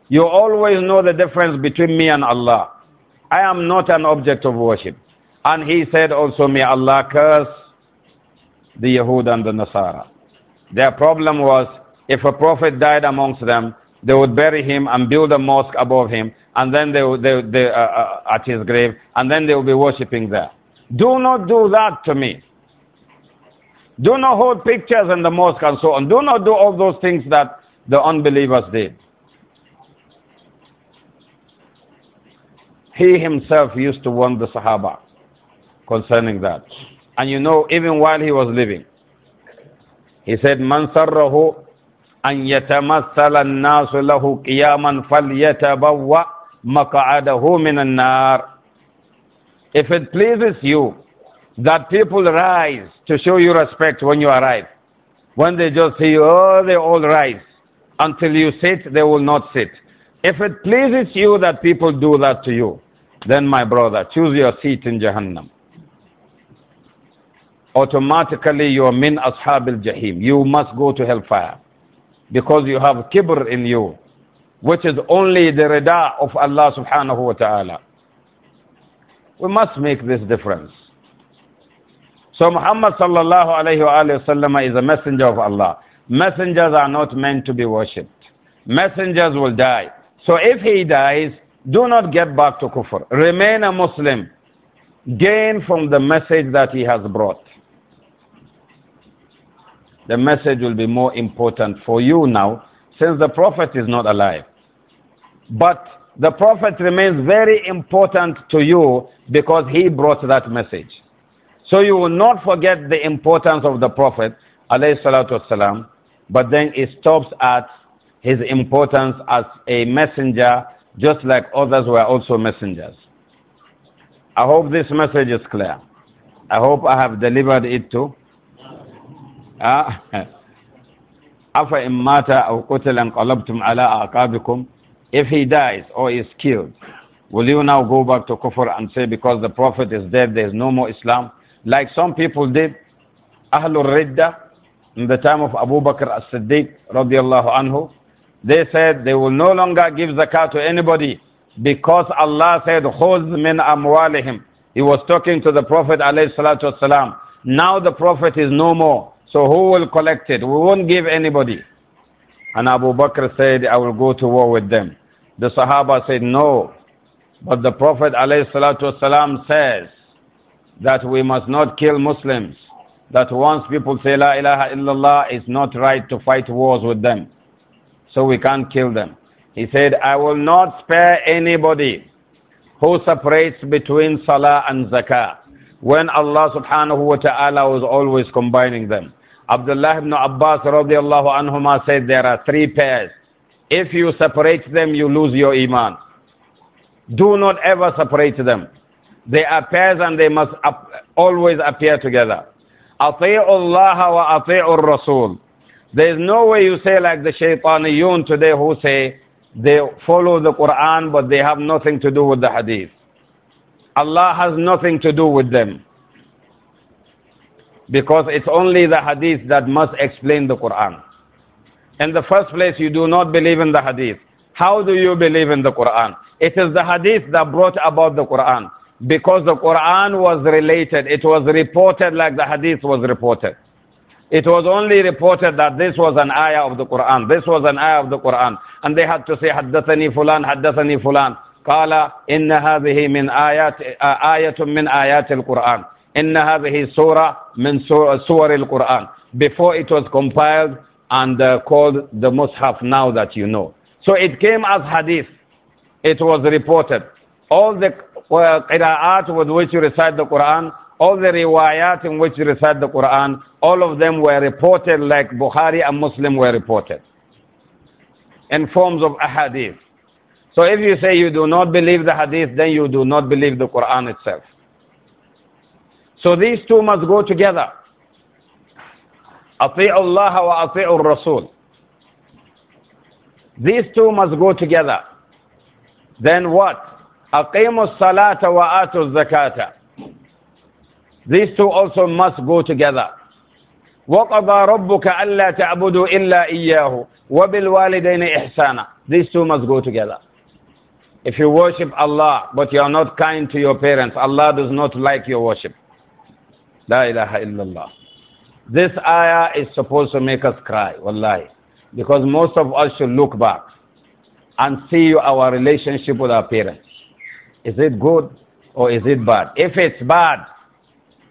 You always know the difference between me and Allah. I am not an object of worship. And he said also, May Allah curse the Yahud and the Nasara. Their problem was if a prophet died amongst them, they would bury him and build a mosque above him and then they, they, they uh, uh, at his grave, and then they will be worshipping there. Do not do that to me. Do not hold pictures in the mosque and so on. Do not do all those things that the unbelievers did. He himself used to warn the Sahaba concerning that. And you know, even while he was living, he said, Man sarrahu an yatamassala an-nasu lahu qiyaman falyatabawwa مَقْعَدَهُ مِنَ النَّارِ If it pleases you that people rise to show you respect when you arrive, when they just see you, oh, they all rise. Until you sit, they will not sit. If it pleases you that people do that to you, then my brother, choose your seat in Jahannam. Automatically you are min ashab al-jahim. You must go to hellfire because you have kibr in you which is only the rida of Allah subhanahu wa ta'ala. We must make this difference. So Muhammad sallallahu alayhi wa sallam is a messenger of Allah. Messengers are not meant to be worshipped. Messengers will die. So if he dies, do not get back to kufr. Remain a Muslim. Gain from the message that he has brought. The message will be more important for you now since the Prophet is not alive. But the Prophet remains very important to you because he brought that message. So you will not forget the importance of the Prophet, والسلام, but then it stops at his importance as a messenger, just like others were also messengers. I hope this message is clear. I hope I have delivered it to. Uh, ah. [laughs] أَفَإِنْ مَاتَ أَوْ قُتِلَ انْقَلَبْتُمْ عَلَىٰ أَعْقَابِكُم If he dies or is killed, will you now go back to kufr and say because the Prophet is dead, there is no more Islam? Like some people did, Ahlul Ridda, in the time of Abu Bakr as-Siddiq radiallahu anhu, they said they will no longer give zakat to anybody because Allah said, خُذْ min أَمْوَالِهِمْ He was talking to the Prophet alayhi salatu Now the Prophet is no more. So who will collect it? We won't give anybody. And Abu Bakr said, I will go to war with them. The Sahaba said, no. But the Prophet والسلام, says that we must not kill Muslims. That once people say La ilaha illallah, it's not right to fight wars with them. So we can't kill them. He said, I will not spare anybody who separates between Salah and Zakah. When Allah subhanahu wa ta'ala was always combining them. Abdullah ibn Abbas radiallahu anhuma said there are three pairs. If you separate them, you lose your iman. Do not ever separate them. They are pairs and they must always appear together. أطيعوا الله وأطيعوا الرسول. There is no way you say like the shaitaniyun today who say they follow the Quran but they have nothing to do with the hadith. Allah has nothing to do with them. Because it's only the hadith that must explain the Quran. In the first place, you do not believe in the hadith. How do you believe in the Quran? It is the hadith that brought about the Quran. Because the Quran was related, it was reported like the hadith was reported. It was only reported that this was an ayah of the Quran. This was an ayah of the Quran. And they had to say, حدثني fulan, حدثني fulan, kala إن min ayat آيات آية من آيات quran Inna his surah min surah al-Quran. Before it was compiled and uh, called the Mus'haf now that you know. So it came as hadith. It was reported. All the uh, qira'at with which you recite the Quran, all the riwayat in which you recite the Quran, all of them were reported like Bukhari and Muslim were reported in forms of ahadith. So if you say you do not believe the hadith, then you do not believe the Quran itself. So these two must go together. أطيع الله وأطيع الرسول. These two must go together. Then what? أقيموا الصلاة وآتوا الزكاة. These two also must go together. وقضى ربك ألا تعبدوا إلا إياه وبالوالدين إحسانا. These two must go together. If you worship Allah but you are not kind to your parents, Allah does not like your worship. La ilaha illallah. This ayah is supposed to make us cry, wallahi. Because most of us should look back and see our relationship with our parents. Is it good or is it bad? If it's bad,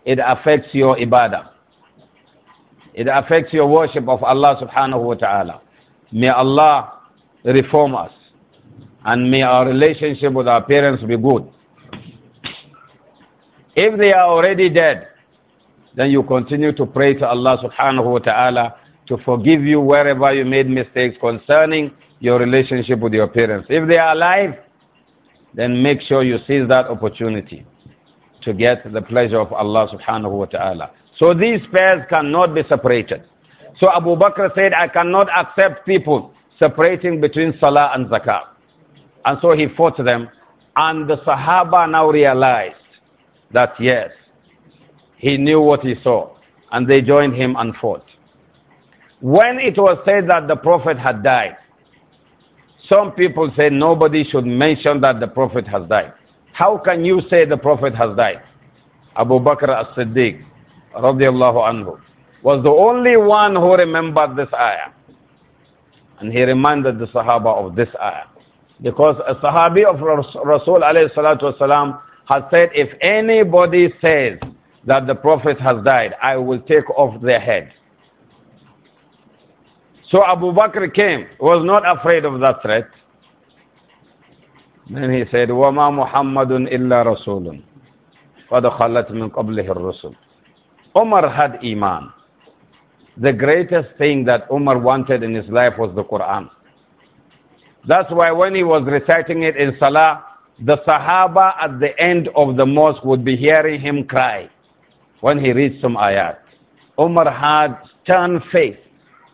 it affects your ibadah. It affects your worship of Allah subhanahu wa ta'ala. May Allah reform us. And may our relationship with our parents be good. If they are already dead, then you continue to pray to Allah subhanahu wa ta'ala to forgive you wherever you made mistakes concerning your relationship with your parents. If they are alive, then make sure you seize that opportunity to get the pleasure of Allah subhanahu wa ta'ala. So these pairs cannot be separated. So Abu Bakr said, I cannot accept people separating between Salah and Zakah. And so he fought them. And the Sahaba now realized that yes, he knew what he saw, and they joined him and fought. When it was said that the Prophet had died, some people said nobody should mention that the Prophet has died. How can you say the Prophet has died? Abu Bakr as-Siddiq radiallahu anhu was the only one who remembered this ayah. And he reminded the Sahaba of this ayah. Because a Sahabi of Rasul alayhi salatu wasalam has said, if anybody says that the Prophet has died, I will take off their head. So Abu Bakr came, was not afraid of that threat. Then he said, وَمَا مُحَمَّدٌ إِلَّا رَسُولٌ قَدْ خَلَتْ مِنْ قَبْلِهِ الرُّسُلُ Umar had Iman. The greatest thing that Umar wanted in his life was the Quran. That's why when he was reciting it in Salah, the Sahaba at the end of the mosque would be hearing him cry when he reads some ayat. Umar had stern faith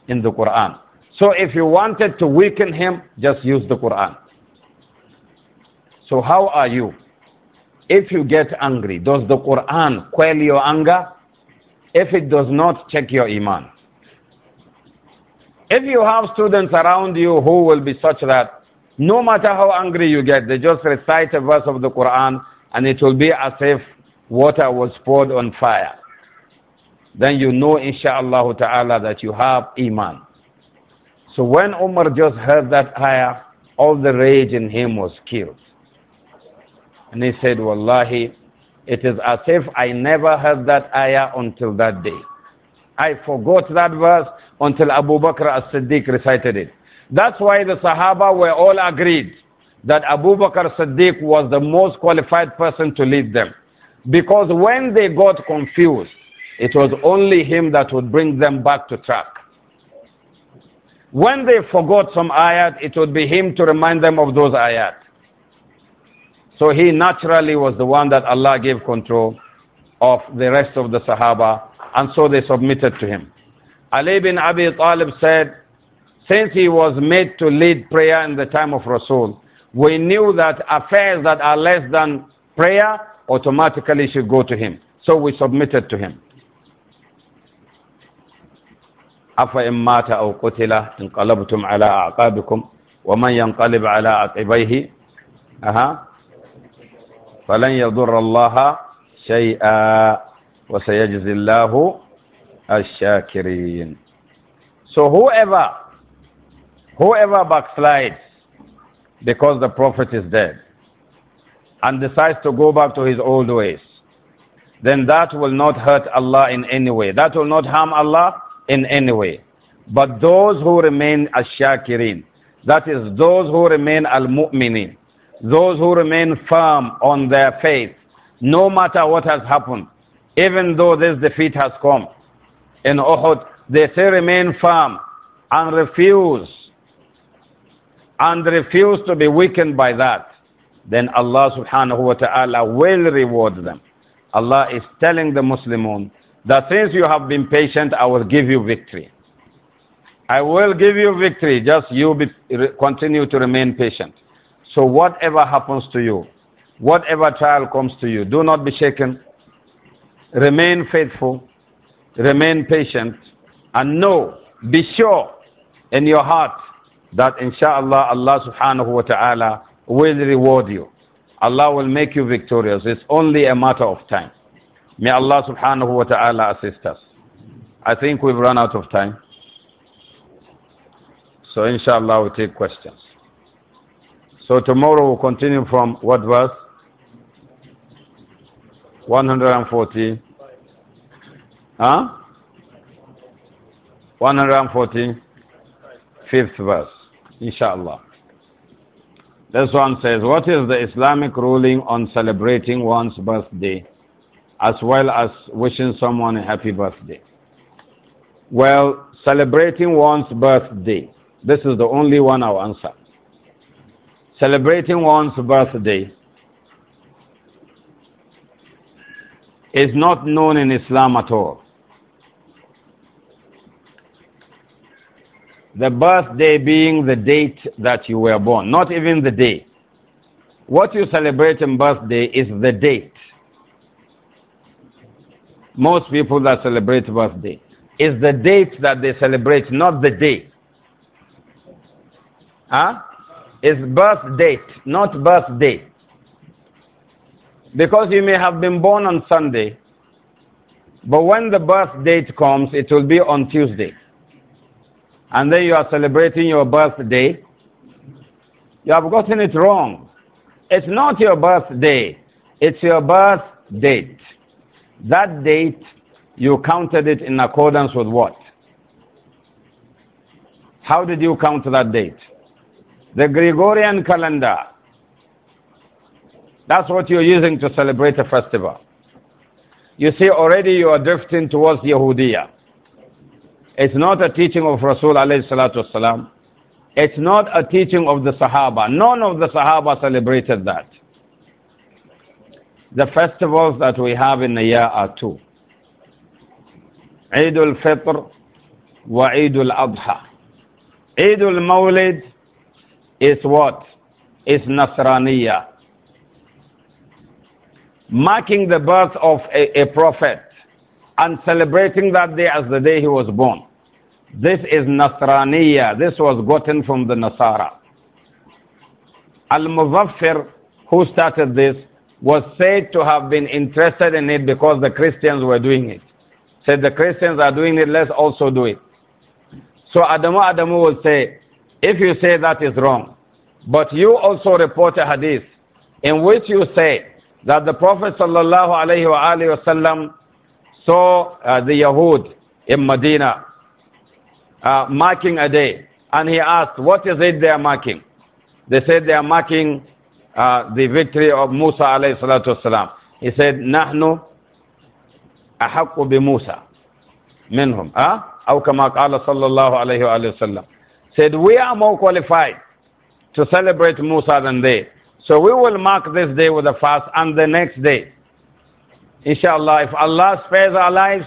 in the Quran. So if you wanted to weaken him, just use the Quran. So how are you? If you get angry, does the Quran quell your anger? If it does not, check your iman. If you have students around you who will be such that no matter how angry you get, they just recite a verse of the Quran and it will be as if water was poured on fire, then you know, insha'Allah ta'ala, that you have Iman. So when Umar just heard that ayah, all the rage in him was killed. And he said, Wallahi, it is as if I never heard that ayah until that day. I forgot that verse until Abu Bakr as Siddiq recited it. That's why the Sahaba were all agreed that Abu Bakr as Siddiq was the most qualified person to lead them. Because when they got confused, it was only him that would bring them back to track. When they forgot some ayat, it would be him to remind them of those ayat. So he naturally was the one that Allah gave control of the rest of the Sahaba, and so they submitted to him. Ali bin Abi Talib said, Since he was made to lead prayer in the time of Rasul, we knew that affairs that are less than prayer automatically should go to him. So we submitted to him. أفإن مات أو قتل انقلبتم على أعقابكم ومن ينقلب على عقبيه أها فلن يضر الله شيئا وسيجزي الله الشاكرين So whoever whoever backslides because the prophet is dead and decides to go back to his old ways, then that will not hurt Allah in any way. That will not harm Allah in any way. But those who remain ash-shakirin, that is those who remain al mu'mineen, those who remain firm on their faith, no matter what has happened, even though this defeat has come in Uhud, they say remain firm and refuse and refuse to be weakened by that then Allah subhanahu wa ta'ala will reward them. Allah is telling the Muslimun that since you have been patient, I will give you victory. I will give you victory, just you be, continue to remain patient. So, whatever happens to you, whatever trial comes to you, do not be shaken. Remain faithful, remain patient, and know, be sure in your heart that inshallah Allah subhanahu wa ta'ala will reward you. Allah will make you victorious. It's only a matter of time. May Allah subhanahu wa ta'ala assist us. I think we've run out of time. So inshallah we'll take questions. So tomorrow we'll continue from what verse? 140. Huh? 140. Fifth verse. Inshallah. This one says, What is the Islamic ruling on celebrating one's birthday as well as wishing someone a happy birthday? Well, celebrating one's birthday. This is the only one I'll answer. Celebrating one's birthday is not known in Islam at all. The birthday being the date that you were born, not even the day. What you celebrate in birthday is the date. Most people that celebrate birthday is the date that they celebrate, not the day. Huh? It's birth date, not birthday. Because you may have been born on Sunday, but when the birth date comes, it will be on Tuesday and then you are celebrating your birthday, you have gotten it wrong. It's not your birthday, it's your birth date. That date, you counted it in accordance with what? How did you count that date? The Gregorian calendar. That's what you're using to celebrate a festival. You see, already you are drifting towards Yehudiya. It's not a teaching of Rasul alayhi salatu wasalam. It's not a teaching of the Sahaba. None of the Sahaba celebrated that. The festivals that we have in the year are two. Eid al-Fitr wa Eid al-Adha. Eid al-Mawlid is what? Is Nasraniya, Marking the birth of a, a prophet and celebrating that day as the day he was born. This is Nasraniya. This was gotten from the Nasara. Al-Muzaffir, who started this, was said to have been interested in it because the Christians were doing it. Said the Christians are doing it, let's also do it. So Adamu Adamu will say, if you say that is wrong, but you also report a hadith in which you say that the Prophet sallallahu alaihi wasallam saw uh, the Yahud in Medina uh, marking a day. And he asked, What is it they are marking? They said they are marking uh, the victory of Musa alayhi He said, Nahnu ahakku bi Musa minhum. Huh? said we are more qualified to celebrate Musa than they so we will mark this day with a fast and the next day Inshallah, if Allah spares our lives,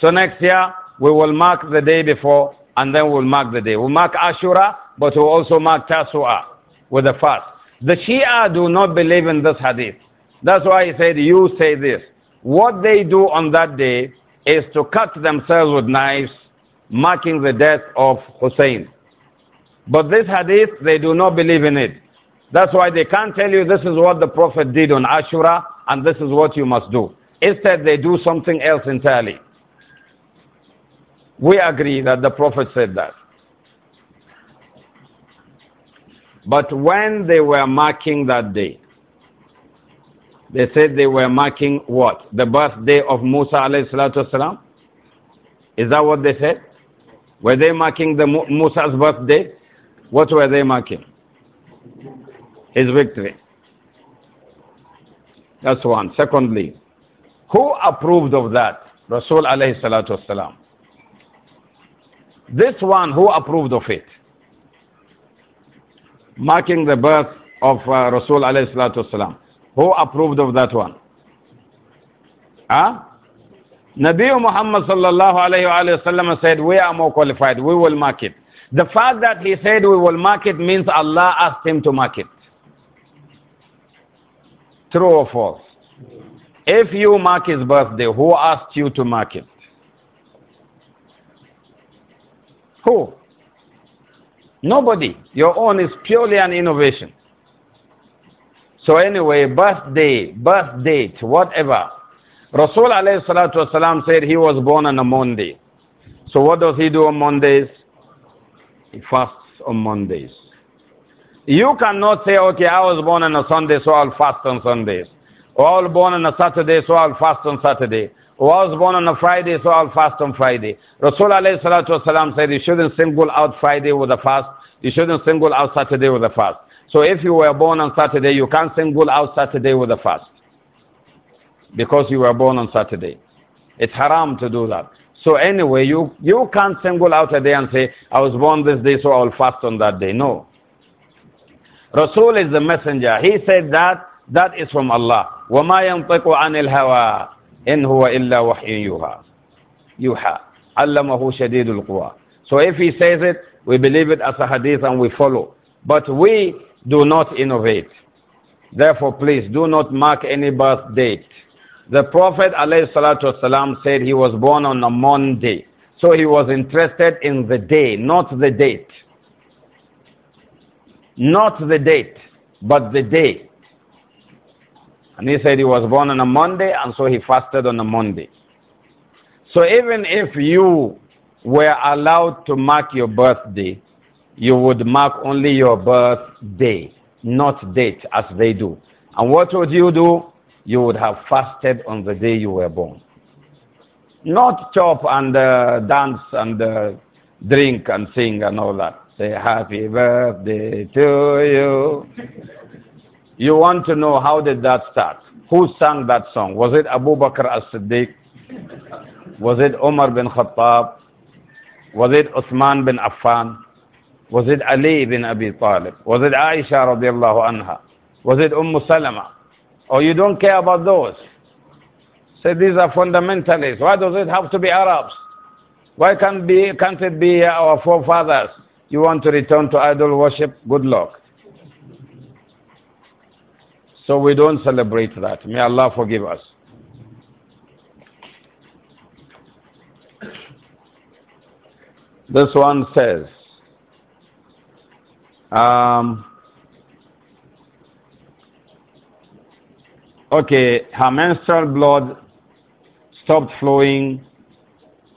so next year, we will mark the day before and then we'll mark the day. We'll mark Ashura, but we'll also mark Tasu'a with a fast. The Shia do not believe in this hadith. That's why he said, you say this. What they do on that day is to cut themselves with knives, marking the death of Hussein. But this hadith, they do not believe in it. That's why they can't tell you this is what the Prophet did on Ashura and this is what you must do. Instead, they do something else entirely. We agree that the Prophet said that. But when they were marking that day, they said they were marking what? The birthday of Musa alayhi salatu wasalam? Is that what they said? Were they marking the Musa's birthday? What were they marking? His victory. That's one. Secondly, who approved of that? Rasul alayhi salatu wasalam. This one who approved of it. Marking the birth of uh, Rasul alayhi salatu wasalam. Who approved of that one? Huh? Nabi Muhammad sallallahu alayhi wa sallam said, we are more qualified, we will mark it. The fact that he said we will mark it means Allah asked him to mark it. True or false? If you mark his birthday, who asked you to mark it? Who? Nobody. Your own is purely an innovation. So anyway, birthday, birth date, whatever. Rasul alayhi salatu wasalam said he was born on a Monday. So what does he do on Mondays? He fasts on Mondays. You cannot say, okay, I was born on a Sunday, so I'll fast on Sundays. All born on a Saturday, so I'll fast on Saturday. Was born on a Friday, so I'll fast on Friday. Rasul said, you shouldn't single out Friday with a fast. You shouldn't single out Saturday with a fast. So if you were born on Saturday, you can't single out Saturday with a fast. Because you were born on Saturday. It's haram to do that. So anyway, you, you can't single out a day and say, I was born this day, so I'll fast on that day. No. Rasul is the messenger. He said that, that is from Allah. وما ينطق عن الهوى إن هو إلا وحي يوحى يوحى علمه شديد القوى so if he says it we believe it as a hadith and we follow but we do not innovate therefore please do not mark any birth date the prophet ﷺ said he was born on a monday so he was interested in the day not the date not the date but the day and he said he was born on a Monday, and so he fasted on a Monday. So even if you were allowed to mark your birthday, you would mark only your birthday, not date, as they do. And what would you do? You would have fasted on the day you were born. Not chop and uh, dance and uh, drink and sing and all that. Say happy birthday to you. You want to know how did that start? Who sang that song? Was it Abu Bakr as-Siddiq? Was it Umar bin Khattab? Was it Uthman bin Affan? Was it Ali bin Abi Talib? Was it Aisha radiallahu anha? Was it Umm Salama? Or you don't care about those? Say these are fundamentalists. Why does it have to be Arabs? Why can't, be, can't it be our forefathers? You want to return to idol worship? Good luck. So we don't celebrate that. May Allah forgive us. This one says, um, okay, her menstrual blood stopped flowing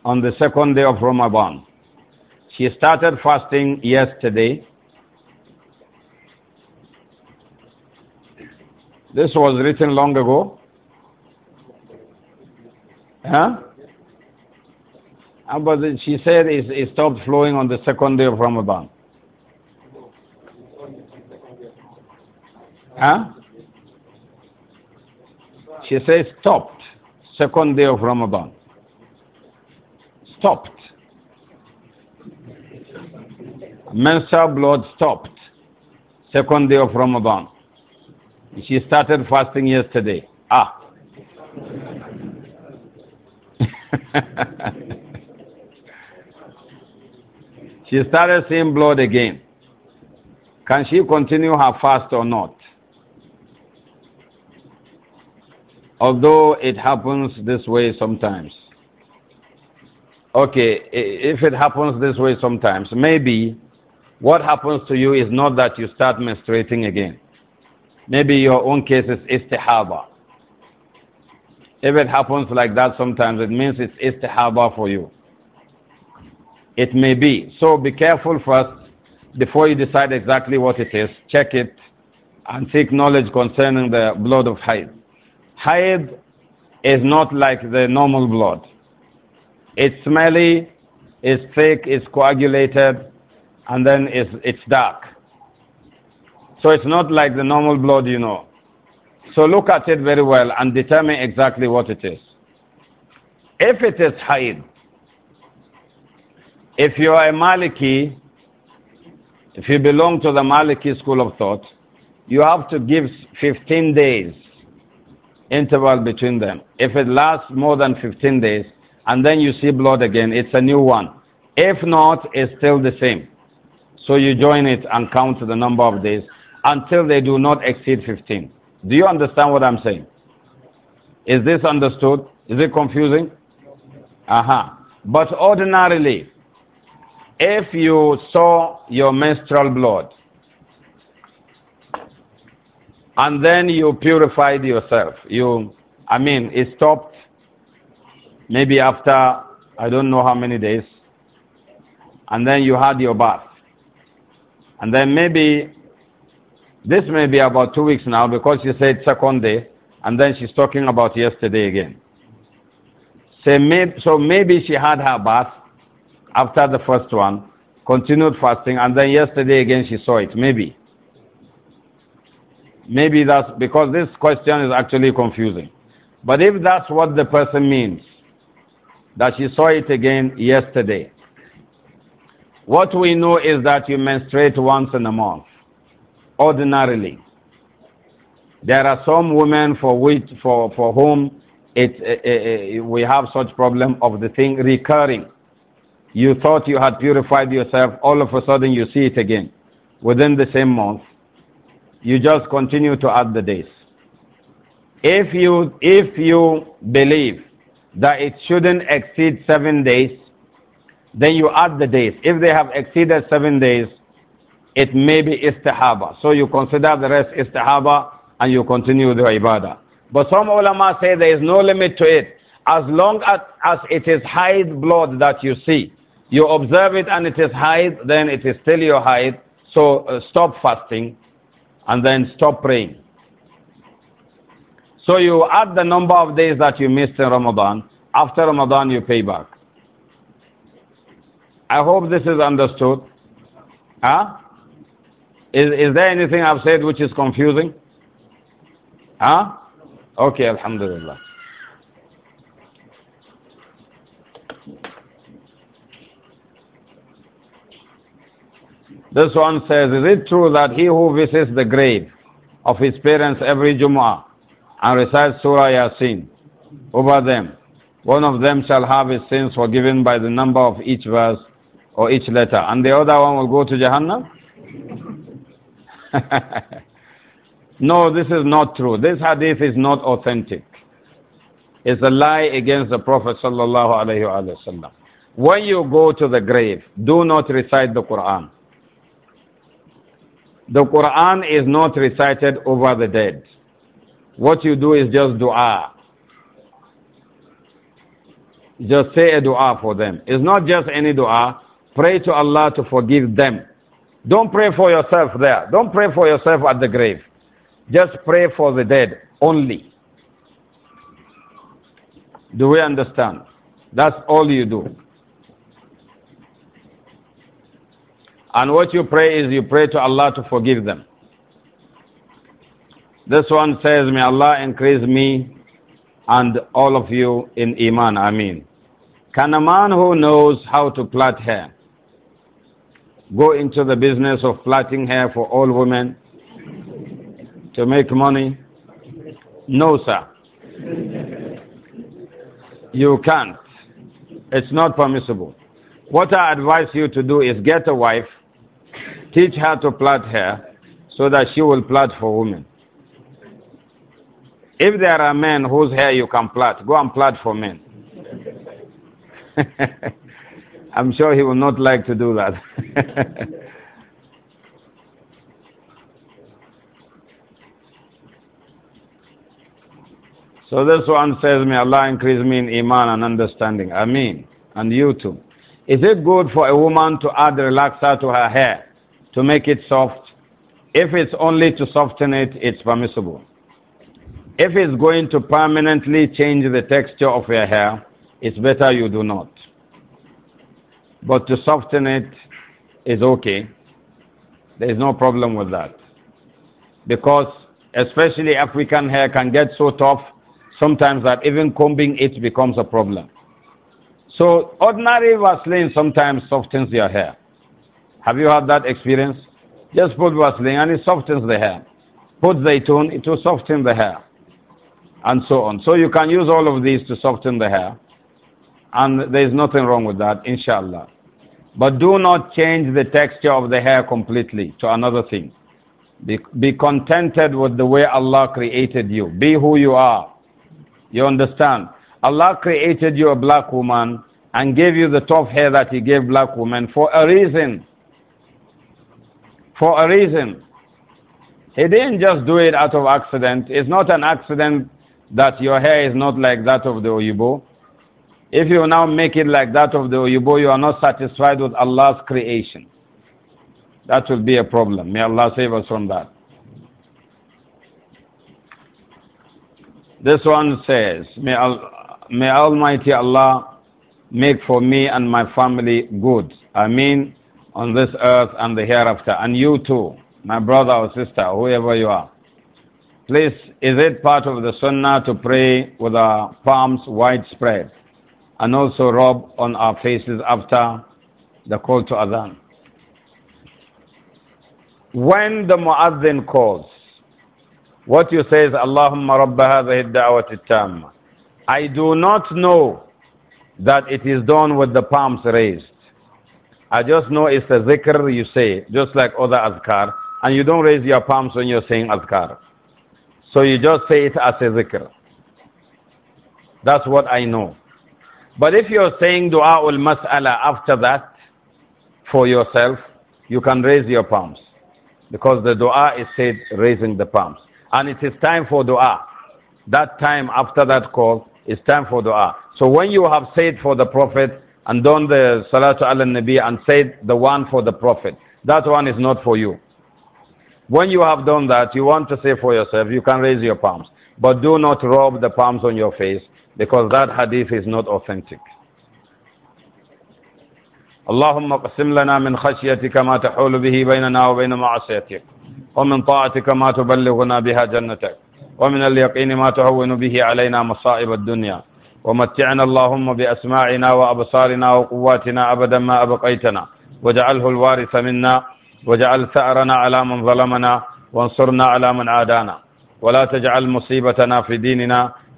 on the second day of Ramadan. She started fasting yesterday This was written long ago. Huh? Ah, but she said it, it stopped flowing on the second day of Ramadan. Huh? She says stopped, second day of Ramadan. Stopped. Mensa blood stopped, second day of Ramadan. She started fasting yesterday. Ah. [laughs] she started seeing blood again. Can she continue her fast or not? Although it happens this way sometimes. Okay, if it happens this way sometimes, maybe what happens to you is not that you start menstruating again. Maybe your own case is istihaba. If it happens like that sometimes, it means it's istihaba for you. It may be. So be careful first before you decide exactly what it is. Check it and seek knowledge concerning the blood of Haid. Haid is not like the normal blood. It's smelly, it's thick, it's coagulated, and then it's, it's dark. So it's not like the normal blood you know. So look at it very well and determine exactly what it is. If it is Haid, if you are a Maliki, if you belong to the Maliki school of thought, you have to give 15 days interval between them. If it lasts more than 15 days and then you see blood again, it's a new one. If not, it's still the same. So you join it and count the number of days until they do not exceed 15. Do you understand what I'm saying? Is this understood? Is it confusing? Uh -huh. But ordinarily, if you saw your menstrual blood and then you purified yourself, you, I mean, it stopped maybe after I don't know how many days, and then you had your bath, and then maybe this may be about two weeks now because she said second day, and then she's talking about yesterday again. So maybe, so maybe she had her bath after the first one, continued fasting, and then yesterday again she saw it. Maybe. Maybe that's because this question is actually confusing. But if that's what the person means, that she saw it again yesterday, what we know is that you menstruate once in a month ordinarily. There are some women for, which, for, for whom it, uh, uh, we have such problem of the thing recurring. You thought you had purified yourself, all of a sudden you see it again. Within the same month, you just continue to add the days. If you, if you believe that it shouldn't exceed seven days, then you add the days. If they have exceeded seven days, it may be istihaba. So you consider the rest istihaba and you continue the ibadah. But some ulama say there is no limit to it. As long as, as it is hide blood that you see, you observe it and it is hide, then it is still your hide. So uh, stop fasting and then stop praying. So you add the number of days that you missed in Ramadan. After Ramadan, you pay back. I hope this is understood. Huh? Is, is there anything I've said which is confusing? Huh? Okay, Alhamdulillah. This one says, Is it true that he who visits the grave of his parents every Jum'ah and recites Surah Yasin over them, one of them shall have his sins forgiven by the number of each verse or each letter, and the other one will go to Jahannam? [laughs] no, this is not true. This hadith is not authentic. It's a lie against the Prophet sallallahu alaihi wasallam. When you go to the grave, do not recite the Quran. The Quran is not recited over the dead. What you do is just dua. Just say a dua for them. It's not just any dua. Pray to Allah to forgive them don't pray for yourself there. Don't pray for yourself at the grave. Just pray for the dead only. Do we understand? That's all you do. And what you pray is you pray to Allah to forgive them. This one says, May Allah increase me and all of you in Iman. mean, Can a man who knows how to plait hair go into the business of plaiting hair for all women to make money? No, sir. You can't. It's not permissible. What I advise you to do is get a wife, teach her to plait hair so that she will plait for women. If there are men whose hair you can plait, go and plait for men. [laughs] I'm sure he will not like to do that. [laughs] so this one says, May Allah increase me in Iman and understanding. Ameen. And you too. Is it good for a woman to add relaxer to her hair to make it soft? If it's only to soften it, it's permissible. If it's going to permanently change the texture of your hair, it's better you do not. But to soften it is okay. There is no problem with that. Because especially African hair can get so tough sometimes that even combing it becomes a problem. So ordinary Vaseline sometimes softens your hair. Have you had that experience? Just put Vaseline and it softens the hair. Put Zaytun, it will soften the hair. And so on. So you can use all of these to soften the hair. And there is nothing wrong with that, inshallah. But do not change the texture of the hair completely to another thing. Be, be contented with the way Allah created you. Be who you are. You understand? Allah created you a black woman and gave you the tough hair that He gave black women for a reason. For a reason. He didn't just do it out of accident. It's not an accident that your hair is not like that of the Oyibo. If you now make it like that of the Uyubo, you are not satisfied with Allah's creation. That will be a problem. May Allah save us from that. This one says, may, Al may Almighty Allah make for me and my family good. I mean, on this earth and the hereafter. And you too, my brother or sister, whoever you are. Please, is it part of the sunnah to pray with our palms widespread? and also rub on our faces after the call to Adhan. When the Muazzin calls, what you say is, Allahumma rabba hadhihi da'wati tamma. I do not know that it is done with the palms raised. I just know it's a zikr you say, just like other azkar, and you don't raise your palms when you're saying azkar. So you just say it as a zikr. That's what I know. But if you're saying dua ul mas'ala after that for yourself, you can raise your palms. Because the dua is said raising the palms. And it is time for dua. That time after that call is time for dua. So when you have said for the Prophet and done the salatu al nabi and said the one for the Prophet, that one is not for you. When you have done that, you want to say for yourself, you can raise your palms. But do not rub the palms on your face because that hadith is not authentic. اللهم اقسم لنا من خشيتك ما تحول به بيننا وبين معصيتك ومن طاعتك ما تبلغنا بها جنتك ومن اليقين ما تهون به علينا مصائب الدنيا ومتعنا اللهم بأسماعنا وأبصارنا وقواتنا أبدا ما أبقيتنا واجعله الوارث منا واجعل ثأرنا على من ظلمنا وانصرنا على من عادانا ولا تجعل مصيبتنا في ديننا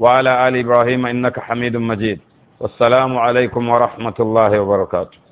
وعلى آل إبراهيم إنك حميد مجيد والسلام عليكم ورحمة الله وبركاته